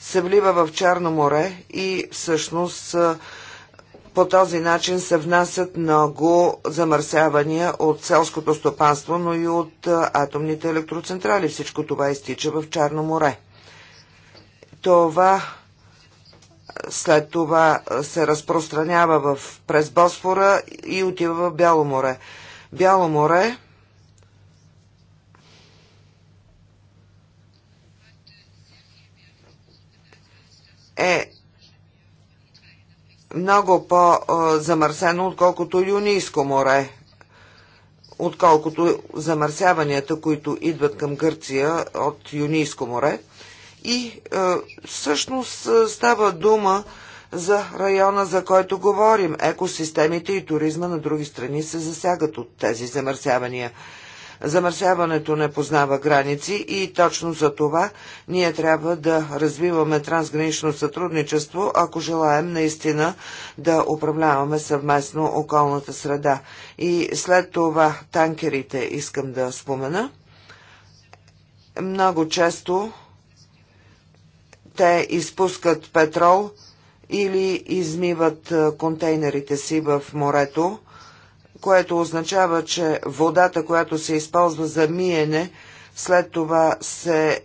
се влива в Черно море и всъщност по този начин се внасят много замърсявания от селското стопанство, но и от атомните електроцентрали. Всичко това изтича в Черно море. Това след това се разпространява в, през Босфора и отива в Бяло море. Бяло море е много по-замърсено, отколкото Юнийско море, отколкото замърсяванията, които идват към Гърция от Юнийско море. И е, всъщност е, става дума за района, за който говорим. Екосистемите и туризма на други страни се засягат от тези замърсявания. Замърсяването не познава граници и точно за това ние трябва да развиваме трансгранично сътрудничество, ако желаем наистина да управляваме съвместно околната среда. И след това танкерите искам да спомена. Много често те изпускат петрол или измиват контейнерите си в морето, което означава, че водата, която се използва за миене, след това се е,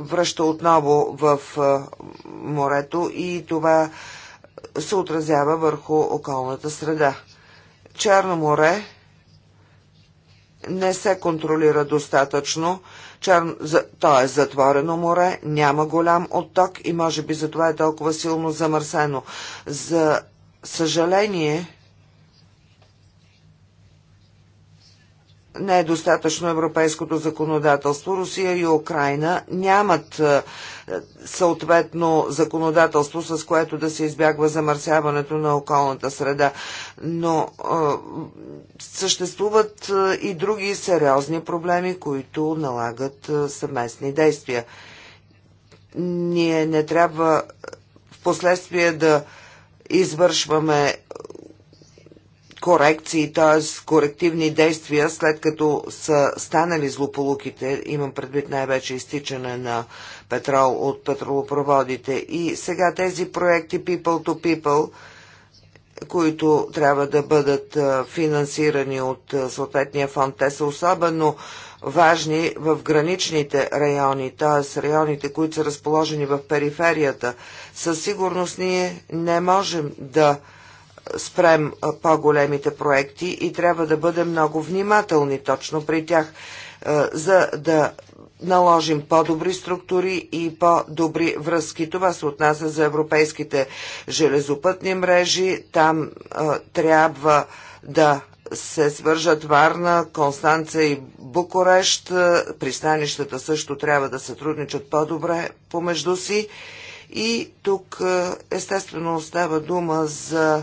връща отново в е, морето и това се отразява върху околната среда. Черно море не се контролира достатъчно Черн... За... То е затворено море, няма голям отток и може би затова е толкова силно замърсено. За съжаление, не е достатъчно европейското законодателство. Русия и Украина нямат е, съответно законодателство, с което да се избягва замърсяването на околната среда. Но а, е, съществуват е, и други сериозни проблеми, които налагат съвместни действия. Ние не трябва в последствие да извършваме корекции, т.е. корективни действия, след като са станали злополуките, имам предвид най-вече изтичане на петрол от петролопроводите. И сега тези проекти People to People, които трябва да бъдат финансирани от съответния фонд, те са особено важни в граничните райони, т.е. районите, които са разположени в периферията. Със сигурност ние не можем да спрем по-големите проекти и трябва да бъдем много внимателни точно при тях, за да наложим по-добри структури и по-добри връзки. Това се отнася за европейските железопътни мрежи. Там трябва да се свържат Варна, Констанция и Букурещ. Пристанищата също трябва да сътрудничат по-добре помежду си. И тук естествено остава дума за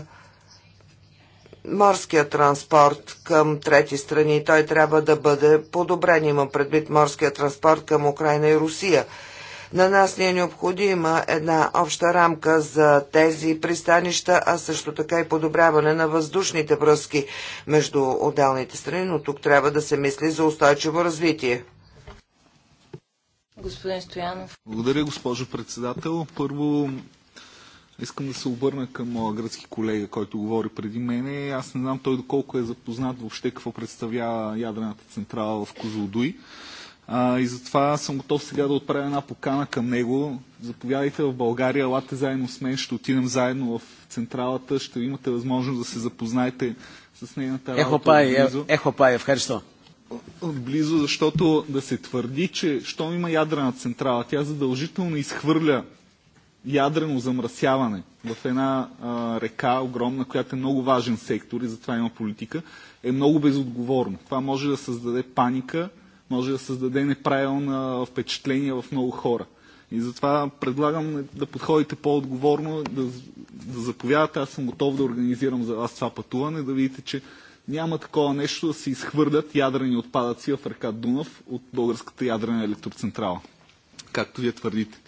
морския транспорт към трети страни. Той трябва да бъде подобрен. има предвид морския транспорт към Украина и Русия. На нас ни е необходима една обща рамка за тези пристанища, а също така и подобряване на въздушните връзки между отделните страни, но тук трябва да се мисли за устойчиво развитие. Господин Стоянов. Благодаря, госпожо председател. Първо Искам да се обърна към моя гръцки колега, който говори преди мене. Аз не знам той доколко е запознат въобще какво представлява ядрената централа в Козлодуй. А, и затова съм готов сега да отправя една покана към него. Заповядайте в България, лате заедно с мен, ще отидем заедно в централата, ще имате възможност да се запознаете с нейната работа. Ехо пай, е- ехо пай, ευχαριστώ. Отблизо, защото да се твърди, че щом има ядрена централа, тя задължително изхвърля ядрено замърсяване в една а, река, огромна, която е много важен сектор и затова има политика, е много безотговорно. Това може да създаде паника, може да създаде неправилно впечатление в много хора. И затова предлагам да подходите по-отговорно, да, да заповядате. Аз съм готов да организирам за вас това пътуване, да видите, че няма такова нещо да се изхвърлят ядрени отпадъци в река Дунав от българската ядрена електроцентрала, както вие твърдите.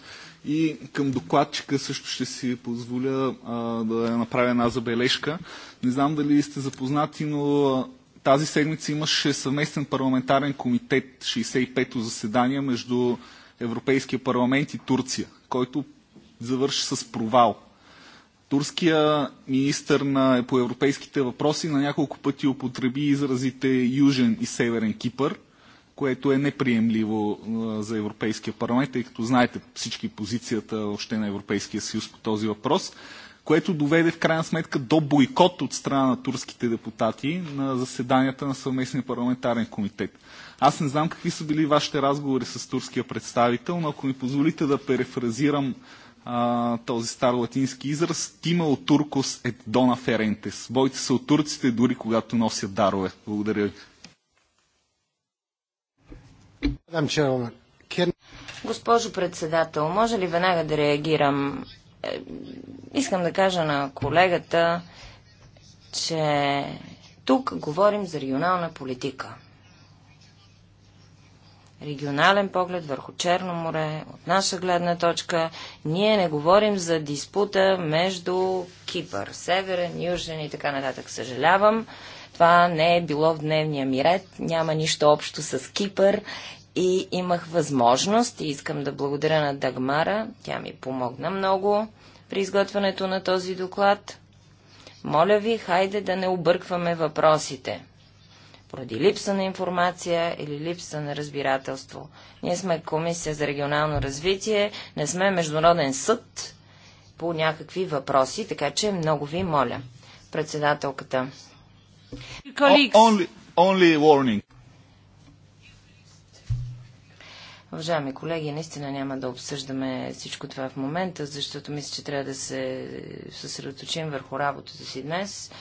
И към докладчика също ще си позволя а, да направя една забележка. Не знам дали сте запознати, но тази седмица имаше съвместен парламентарен комитет 65-то заседание между Европейския парламент и Турция, който завърши с провал. Турския министр на, по европейските въпроси на няколко пъти употреби изразите Южен и Северен Кипър – което е неприемливо за Европейския парламент, тъй като знаете всички позицията още на Европейския съюз по този въпрос, което доведе в крайна сметка до бойкот от страна на турските депутати на заседанията на съвместния парламентарен комитет. Аз не знам какви са били вашите разговори с турския представител, но ако ми позволите да перефразирам а, този стар латински израз Тима от Туркос ет Дона Ферентес. Бойте се от турците, дори когато носят дарове. Благодаря ви. Госпожо председател, може ли веднага да реагирам? Е, искам да кажа на колегата, че тук говорим за регионална политика. Регионален поглед върху Черно море, от наша гледна точка, ние не говорим за диспута между Кипър, северен, южен и така нататък. Съжалявам, това не е било в дневния ми ред, няма нищо общо с Кипър и имах възможност и искам да благодаря на Дагмара. Тя ми помогна много при изготвянето на този доклад. Моля ви, хайде да не объркваме въпросите. Поради липса на информация или липса на разбирателство. Ние сме комисия за регионално развитие, не сме международен съд по някакви въпроси, така че много ви моля. Председателката. Уважаеми колеги, наистина няма да обсъждаме всичко това в момента, защото мисля, че трябва да се съсредоточим върху работата си днес.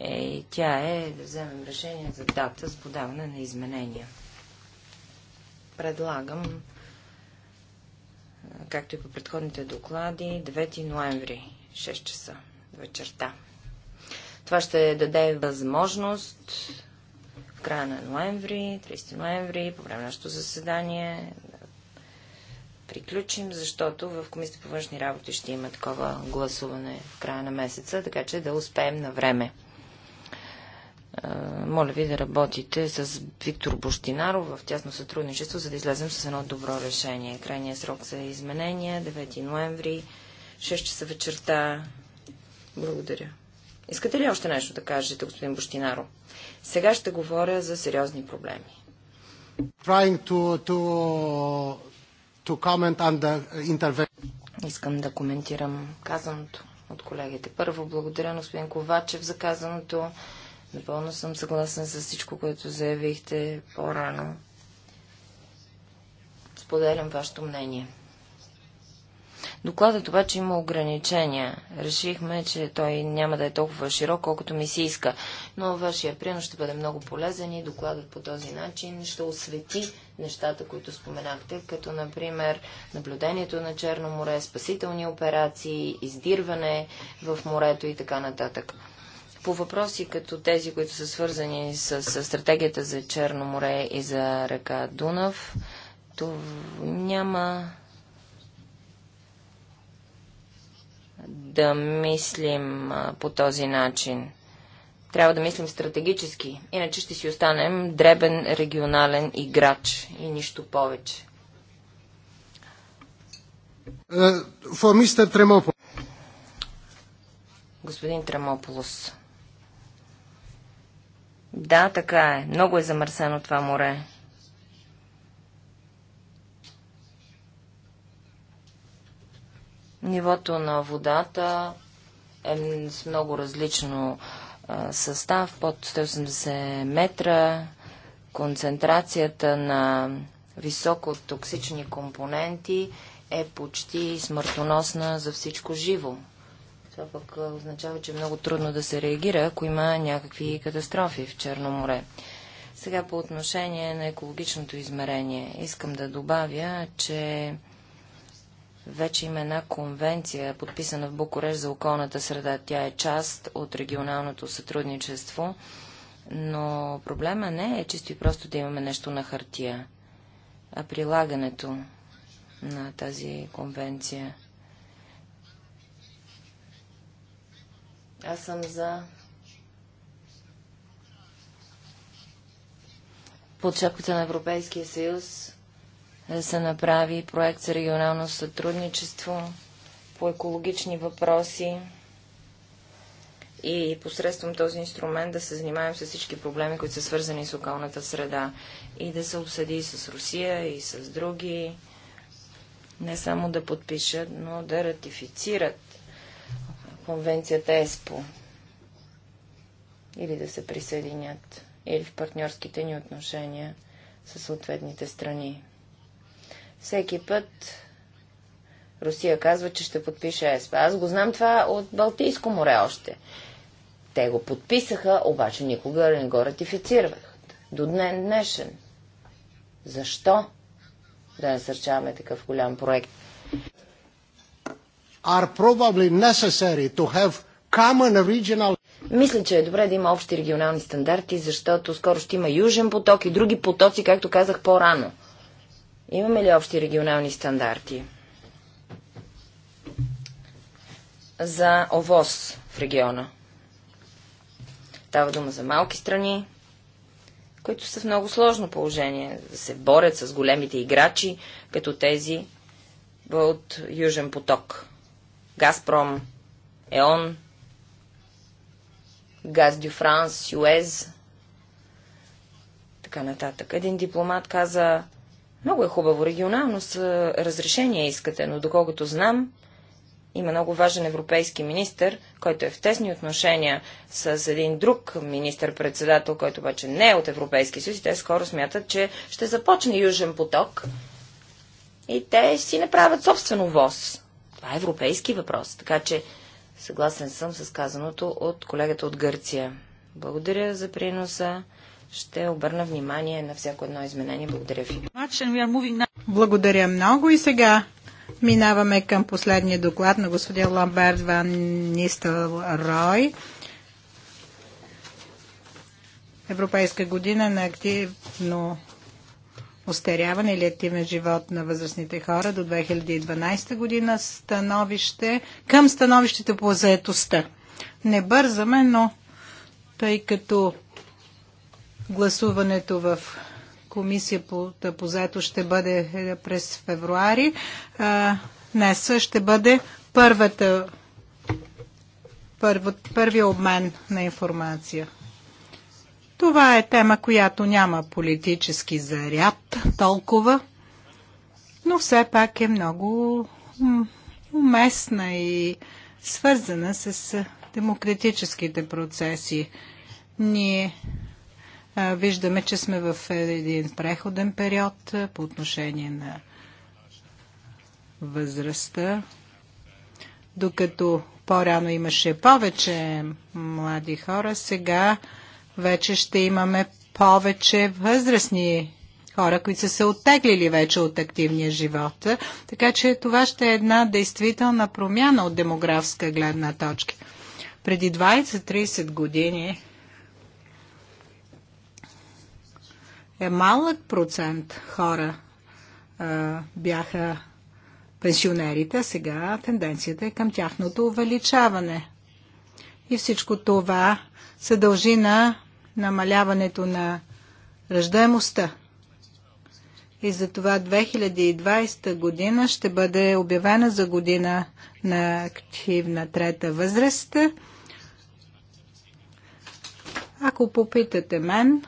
Е, тя е да вземем решение за дата с подаване на изменения. Предлагам, както и по предходните доклади, 9 ноември, 6 часа вечерта. Това ще даде възможност в края на ноември, 30 ноември, по време на нашето заседание, да приключим, защото в Комисията по външни работи ще има такова гласуване в края на месеца, така че да успеем на време. Моля ви да работите с Виктор Бощинаров в тясно сътрудничество, за да излезем с едно добро решение. Крайният срок за изменения 9 ноември, 6 часа вечерта. Благодаря. Искате ли още нещо да кажете, господин Бощинаро? Сега ще говоря за сериозни проблеми. Искам да коментирам казаното от колегите. Първо, благодаря на господин Ковачев за казаното. Напълно съм съгласен с всичко, което заявихте по-рано. Споделям вашето мнение. Докладът обаче има ограничения. Решихме, че той няма да е толкова широк, колкото ми се иска. Но вашия принос ще бъде много полезен и докладът по този начин ще освети нещата, които споменахте, като например наблюдението на Черно море, спасителни операции, издирване в морето и така нататък по въпроси като тези, които са свързани с, с стратегията за Черно море и за река Дунав, то няма да мислим по този начин. Трябва да мислим стратегически, иначе ще си останем дребен регионален играч и нищо повече. Е, Господин Тремополос. Да, така е. Много е замърсено това море. Нивото на водата е с много различно състав, под 180 метра. Концентрацията на високо токсични компоненти е почти смъртоносна за всичко живо. Това пък означава, че е много трудно да се реагира, ако има някакви катастрофи в Черно море. Сега по отношение на екологичното измерение. Искам да добавя, че вече има една конвенция, подписана в Букурещ за околната среда. Тя е част от регионалното сътрудничество, но проблема не е чисто и просто да имаме нещо на хартия, а прилагането на тази конвенция. Аз съм за под шапката на Европейския съюз да се направи проект за регионално сътрудничество по екологични въпроси и посредством този инструмент да се занимаем с всички проблеми, които са свързани с околната среда и да се обсъди и с Русия, и с други, не само да подпишат, но да ратифицират конвенцията ЕСПО или да се присъединят или в партньорските ни отношения със съответните страни. Всеки път Русия казва, че ще подпише ЕСПА. Аз го знам това от Балтийско море още. Те го подписаха, обаче никога не го ратифицирах. До днен днешен. Защо да насърчаваме такъв голям проект? Are probably necessary to have common regional... Мисля, че е добре да има общи регионални стандарти, защото скоро ще има южен поток и други потоци, както казах по-рано. Имаме ли общи регионални стандарти? За ОВОз в региона. Става дума за малки страни, които са в много сложно положение да се борят с големите играчи, като тези от Южен поток. Газпром, ЕОН, Газ Дю Франс, Юез, така нататък. Един дипломат каза, много е хубаво. Регионално са разрешение искате, но доколкото знам, има много важен европейски министр, който е в тесни отношения с един друг министр-председател, който обаче не е от Европейски съюз и те скоро смятат, че ще започне Южен поток и те си направят собствено ВОЗ. Това е европейски въпрос, така че съгласен съм с казаното от колегата от Гърция. Благодаря за приноса. Ще обърна внимание на всяко едно изменение. Благодаря ви much, Благодаря много и сега минаваме към последния доклад на господин Ламберт Ван Нистел Рой. Европейска година на активно остаряване или активен живот на възрастните хора до 2012 година становище към становището по заетостта. Не бързаме, но тъй като гласуването в комисията по заето ще бъде е, през февруари. Днес ще бъде първата, първо, първия обмен на информация. Това е тема, която няма политически заряд толкова, но все пак е много уместна и свързана с демократическите процеси. Ние Виждаме, че сме в един преходен период по отношение на възрастта. Докато по-рано имаше повече млади хора, сега вече ще имаме повече възрастни хора, които са се оттеглили вече от активния живот. Така че това ще е една действителна промяна от демографска гледна точка. Преди 20-30 години е малък процент хора а, бяха пенсионерите, сега тенденцията е към тяхното увеличаване. И всичко това се дължи на намаляването на ръждаемостта. И затова 2020 година ще бъде обявена за година на активна трета възраст. Ако попитате мен,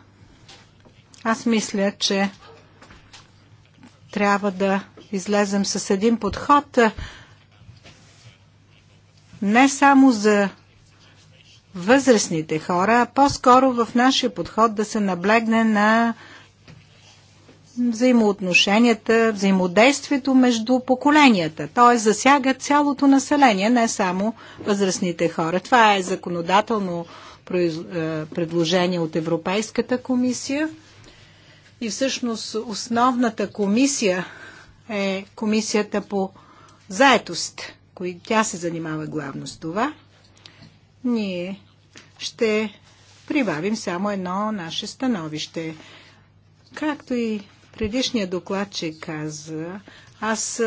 аз мисля, че трябва да излезем с един подход не само за възрастните хора, а по-скоро в нашия подход да се наблегне на взаимоотношенията, взаимодействието между поколенията. Т.е. засяга цялото население, не само възрастните хора. Това е законодателно предложение от Европейската комисия. И всъщност основната комисия е комисията по заетост, кои тя се занимава главно с това. Ние ще прибавим само едно наше становище. Както и предишния доклад, че каза, аз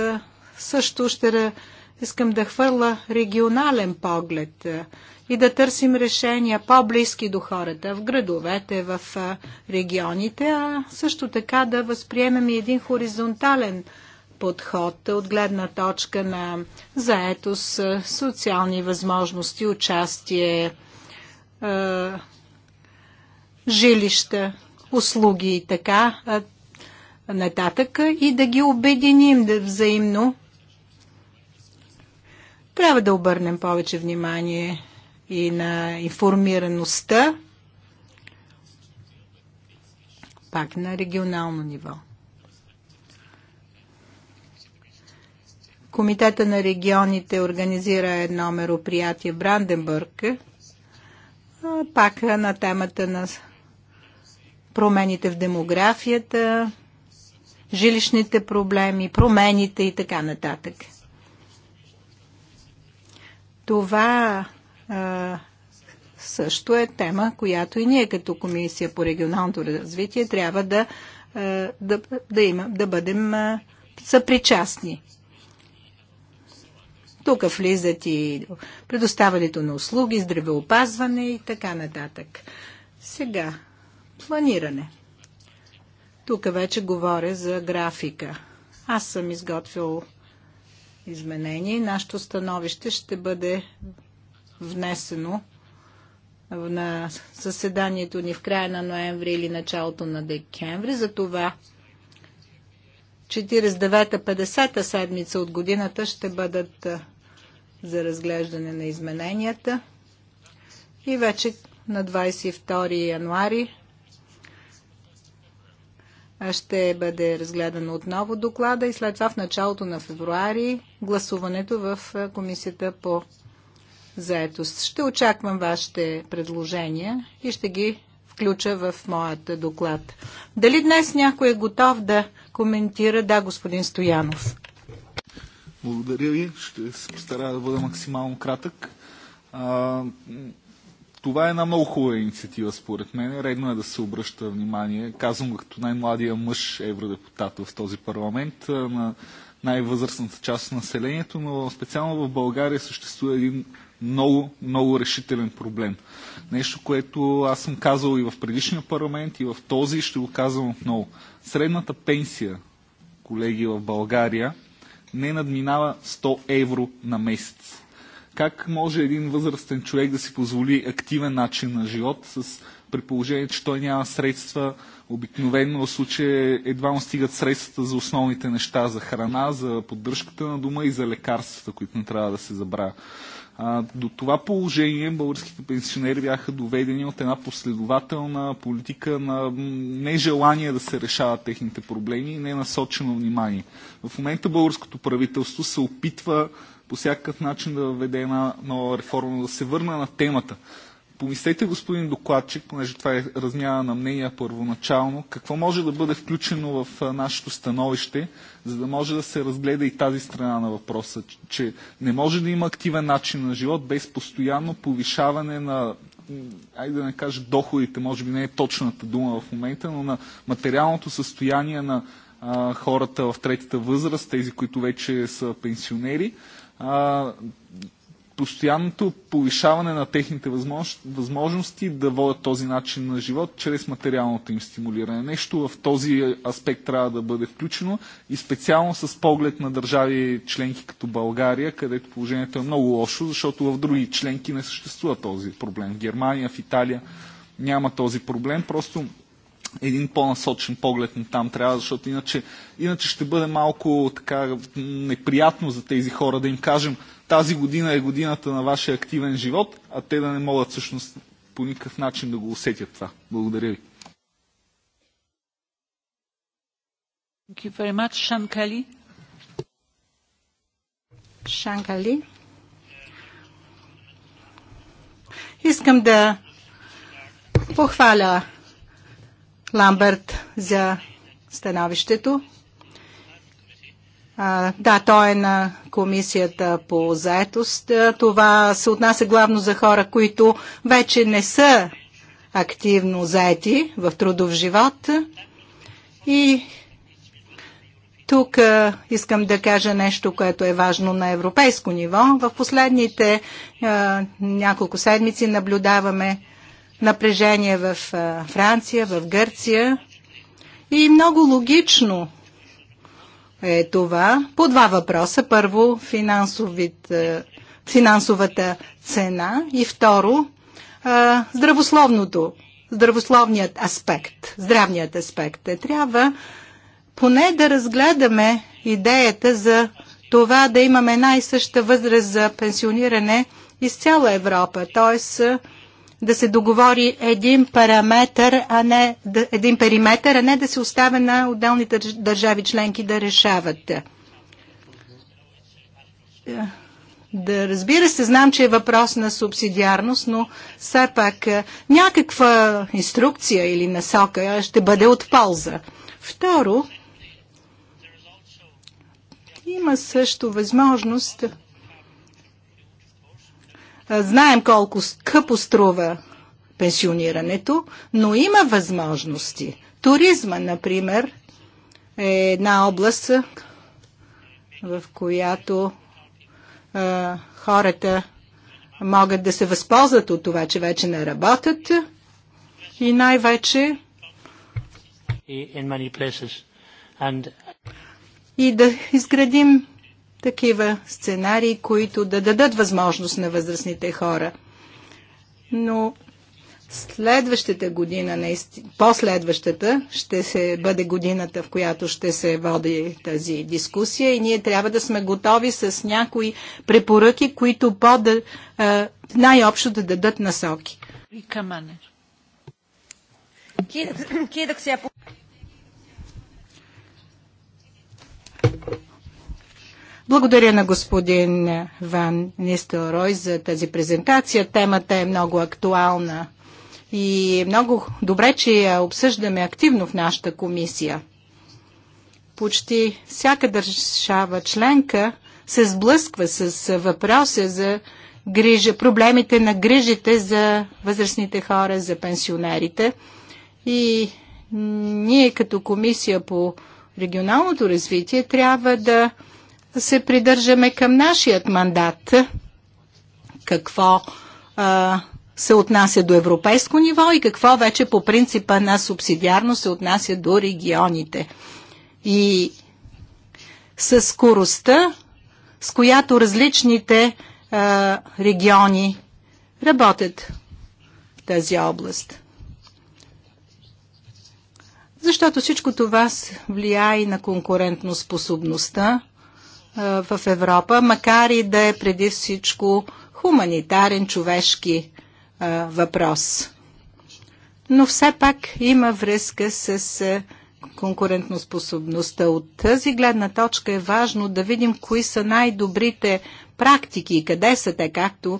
също ще искам да хвърля регионален поглед и да търсим решения по-близки до хората, в градовете, в регионите, а също така да възприемем и един хоризонтален подход от гледна точка на заетост, социални възможности, участие, жилища, услуги и така нататък и да ги обединим да взаимно. Трябва да обърнем повече внимание и на информираността, пак на регионално ниво. Комитета на регионите организира едно мероприятие в Бранденбург, пак на темата на промените в демографията, жилищните проблеми, промените и така нататък. Това също е тема, която и ние като Комисия по регионалното развитие трябва да, да, да, има, да бъдем съпричастни. Тук влизат и предоставянето на услуги, здравеопазване и така нататък. Сега, планиране. Тук вече говоря за графика. Аз съм изготвил изменение. Нашето становище ще бъде внесено на съседанието ни в края на ноември или началото на декември. За това 49-50-та седмица от годината ще бъдат за разглеждане на измененията. И вече на 22 януари ще бъде разгледано отново доклада и след това в началото на февруари гласуването в Комисията по заетост. Ще очаквам вашите предложения и ще ги включа в моят доклад. Дали днес някой е готов да коментира? Да, господин Стоянов. Благодаря ви. Ще се постара да бъда максимално кратък. А, това е една много хубава инициатива, според мен. Редно е да се обръща внимание. Казвам го като най-младия мъж евродепутат в този парламент на най-възрастната част от населението, но специално в България съществува един много, много решителен проблем. Нещо, което аз съм казал и в предишния парламент, и в този, ще го казвам отново. Средната пенсия, колеги, в България не надминава 100 евро на месец. Как може един възрастен човек да си позволи активен начин на живот с предположение, че той няма средства, обикновено в случая едва му стигат средствата за основните неща, за храна, за поддръжката на дома и за лекарствата, които не трябва да се забравя. А, до това положение българските пенсионери бяха доведени от една последователна политика на нежелание да се решават техните проблеми и не насочено внимание. В момента българското правителство се опитва по всякакъв начин да въведе една нова реформа, да се върна на темата помислете, господин докладчик, понеже това е размяна на мнения първоначално, какво може да бъде включено в нашето становище, за да може да се разгледа и тази страна на въпроса, че не може да има активен начин на живот без постоянно повишаване на айде да не кажа доходите, може би не е точната дума в момента, но на материалното състояние на а, хората в третата възраст, тези, които вече са пенсионери. А, постоянното повишаване на техните възможности да водят този начин на живот чрез материалното им стимулиране. Нещо в този аспект трябва да бъде включено и специално с поглед на държави членки като България, където положението е много лошо, защото в други членки не съществува този проблем. В Германия, в Италия няма този проблем, просто един по-насочен поглед на там трябва, защото иначе, иначе ще бъде малко така неприятно за тези хора да им кажем тази година е годината на вашия активен живот, а те да не могат всъщност по никакъв начин да го усетят това. Благодаря ви. Thank you very much. Искам да похваля Ламберт за становището да, той е на комисията по заетост. Това се отнася главно за хора, които вече не са активно заети в трудов живот. И тук искам да кажа нещо, което е важно на европейско ниво. В последните няколко седмици наблюдаваме напрежение в Франция, в Гърция и много логично е това. По два въпроса. Първо, е, финансовата цена и второ, е, здравословното, здравословният аспект, здравният аспект. Е, трябва поне да разгледаме идеята за това да имаме най-съща възраст за пенсиониране из цяла Европа, т.е да се договори един параметр, а не един периметър, а не да се оставя на отделните държави членки да решават. Е, да, разбира се, знам, че е въпрос на субсидиарност, но все пак е, някаква инструкция или насока ще бъде от полза. Второ, има също възможност Знаем колко скъпо струва пенсионирането, но има възможности. Туризма, например, е една област, в която а, хората могат да се възползват от това, че вече не работят и най-вече и да изградим такива сценарии, които да дадат възможност на възрастните хора. Но следващата година, последващата, ще се бъде годината, в която ще се води тази дискусия и ние трябва да сме готови с някои препоръки, които по да, най-общо да дадат насоки. Благодаря на господин Ван Нистелрой за тази презентация. Темата е много актуална и много добре, че я обсъждаме активно в нашата комисия. Почти всяка държава членка се сблъсква с въпроса за грижа, проблемите на грижите за възрастните хора, за пенсионерите. И ние като комисия по регионалното развитие трябва да се придържаме към нашият мандат. Какво а, се отнася до европейско ниво и какво вече по принципа на субсидиарно се отнася до регионите. И със скоростта, с която различните а, региони работят в тази област. Защото всичко това влияе и на конкурентноспособността в Европа, макар и да е преди всичко хуманитарен човешки въпрос. Но все пак има връзка с конкурентноспособността. От тази гледна точка е важно да видим кои са най-добрите практики и къде са те, както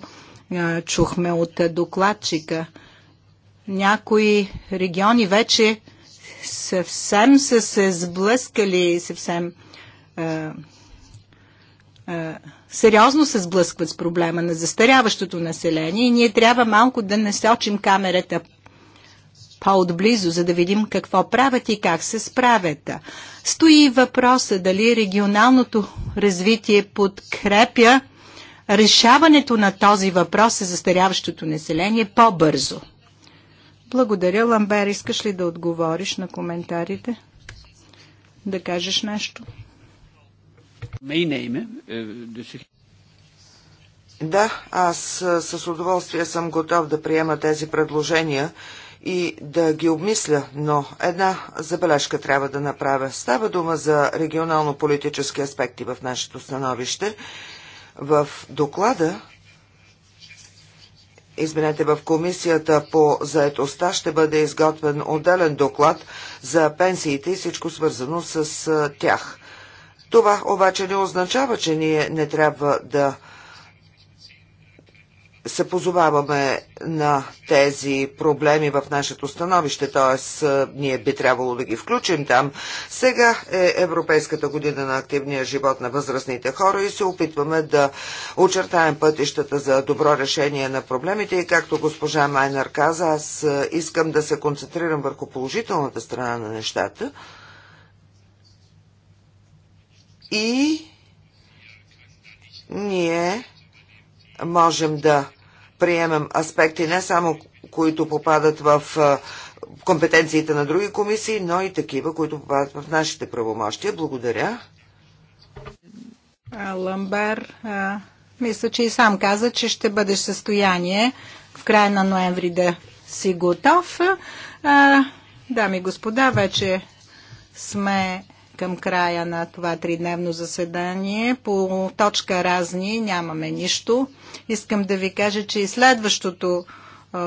чухме от докладчика. Някои региони вече съвсем са се сблъскали, съвсем сериозно се сблъскват с проблема на застаряващото население и ние трябва малко да насочим камерата по-отблизо, за да видим какво правят и как се справят. Стои въпроса дали регионалното развитие подкрепя решаването на този въпрос за застаряващото население по-бързо. Благодаря, Ламбер. Искаш ли да отговориш на коментарите? Да кажеш нещо? Eh, да, аз е, с удоволствие съм готов да приема тези предложения и да ги обмисля, но една забележка трябва да направя. Става дума за регионално-политически аспекти в нашето становище. В доклада Изменете в комисията по заетостта ще бъде изготвен отделен доклад за пенсиите и всичко свързано с е, тях. Това обаче не означава, че ние не трябва да се позоваваме на тези проблеми в нашето становище, т.е. ние би трябвало да ги включим там. Сега е Европейската година на активния живот на възрастните хора и се опитваме да очертаем пътищата за добро решение на проблемите и както госпожа Майнар каза, аз искам да се концентрирам върху положителната страна на нещата – и ние можем да приемем аспекти не само които попадат в компетенциите на други комисии, но и такива, които попадат в нашите правомощия. Благодаря. Ламбер, мисля, че и сам каза, че ще бъдеш състояние в края на ноември да си готов. дами и господа, вече сме към края на това тридневно заседание. По точка разни нямаме нищо. Искам да ви кажа, че и следващото е,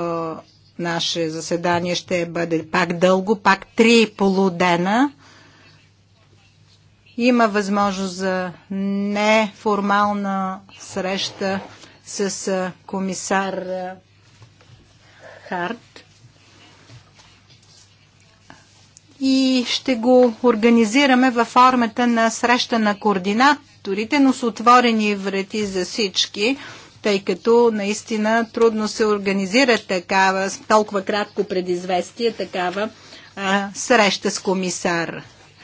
наше заседание ще бъде пак дълго, пак три полудена. Има възможност за неформална среща с комисар Харт и ще го организираме във формата на среща на координаторите, но с отворени врати за всички, тъй като наистина трудно се организира такава, толкова кратко предизвестие, такава а, среща с комисар.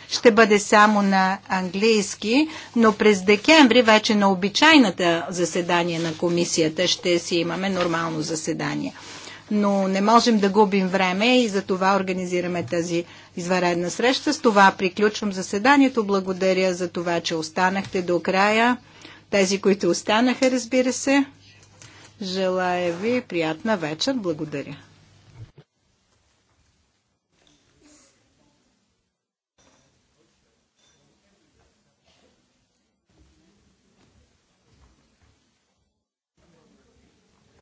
Ще бъде само на английски, но през декември вече на обичайната заседание на комисията ще си имаме нормално заседание но не можем да губим време и за това организираме тази изваредна среща. С това приключвам заседанието. Благодаря за това, че останахте до края. Тези, които останаха, разбира се. Желая ви приятна вечер. Благодаря.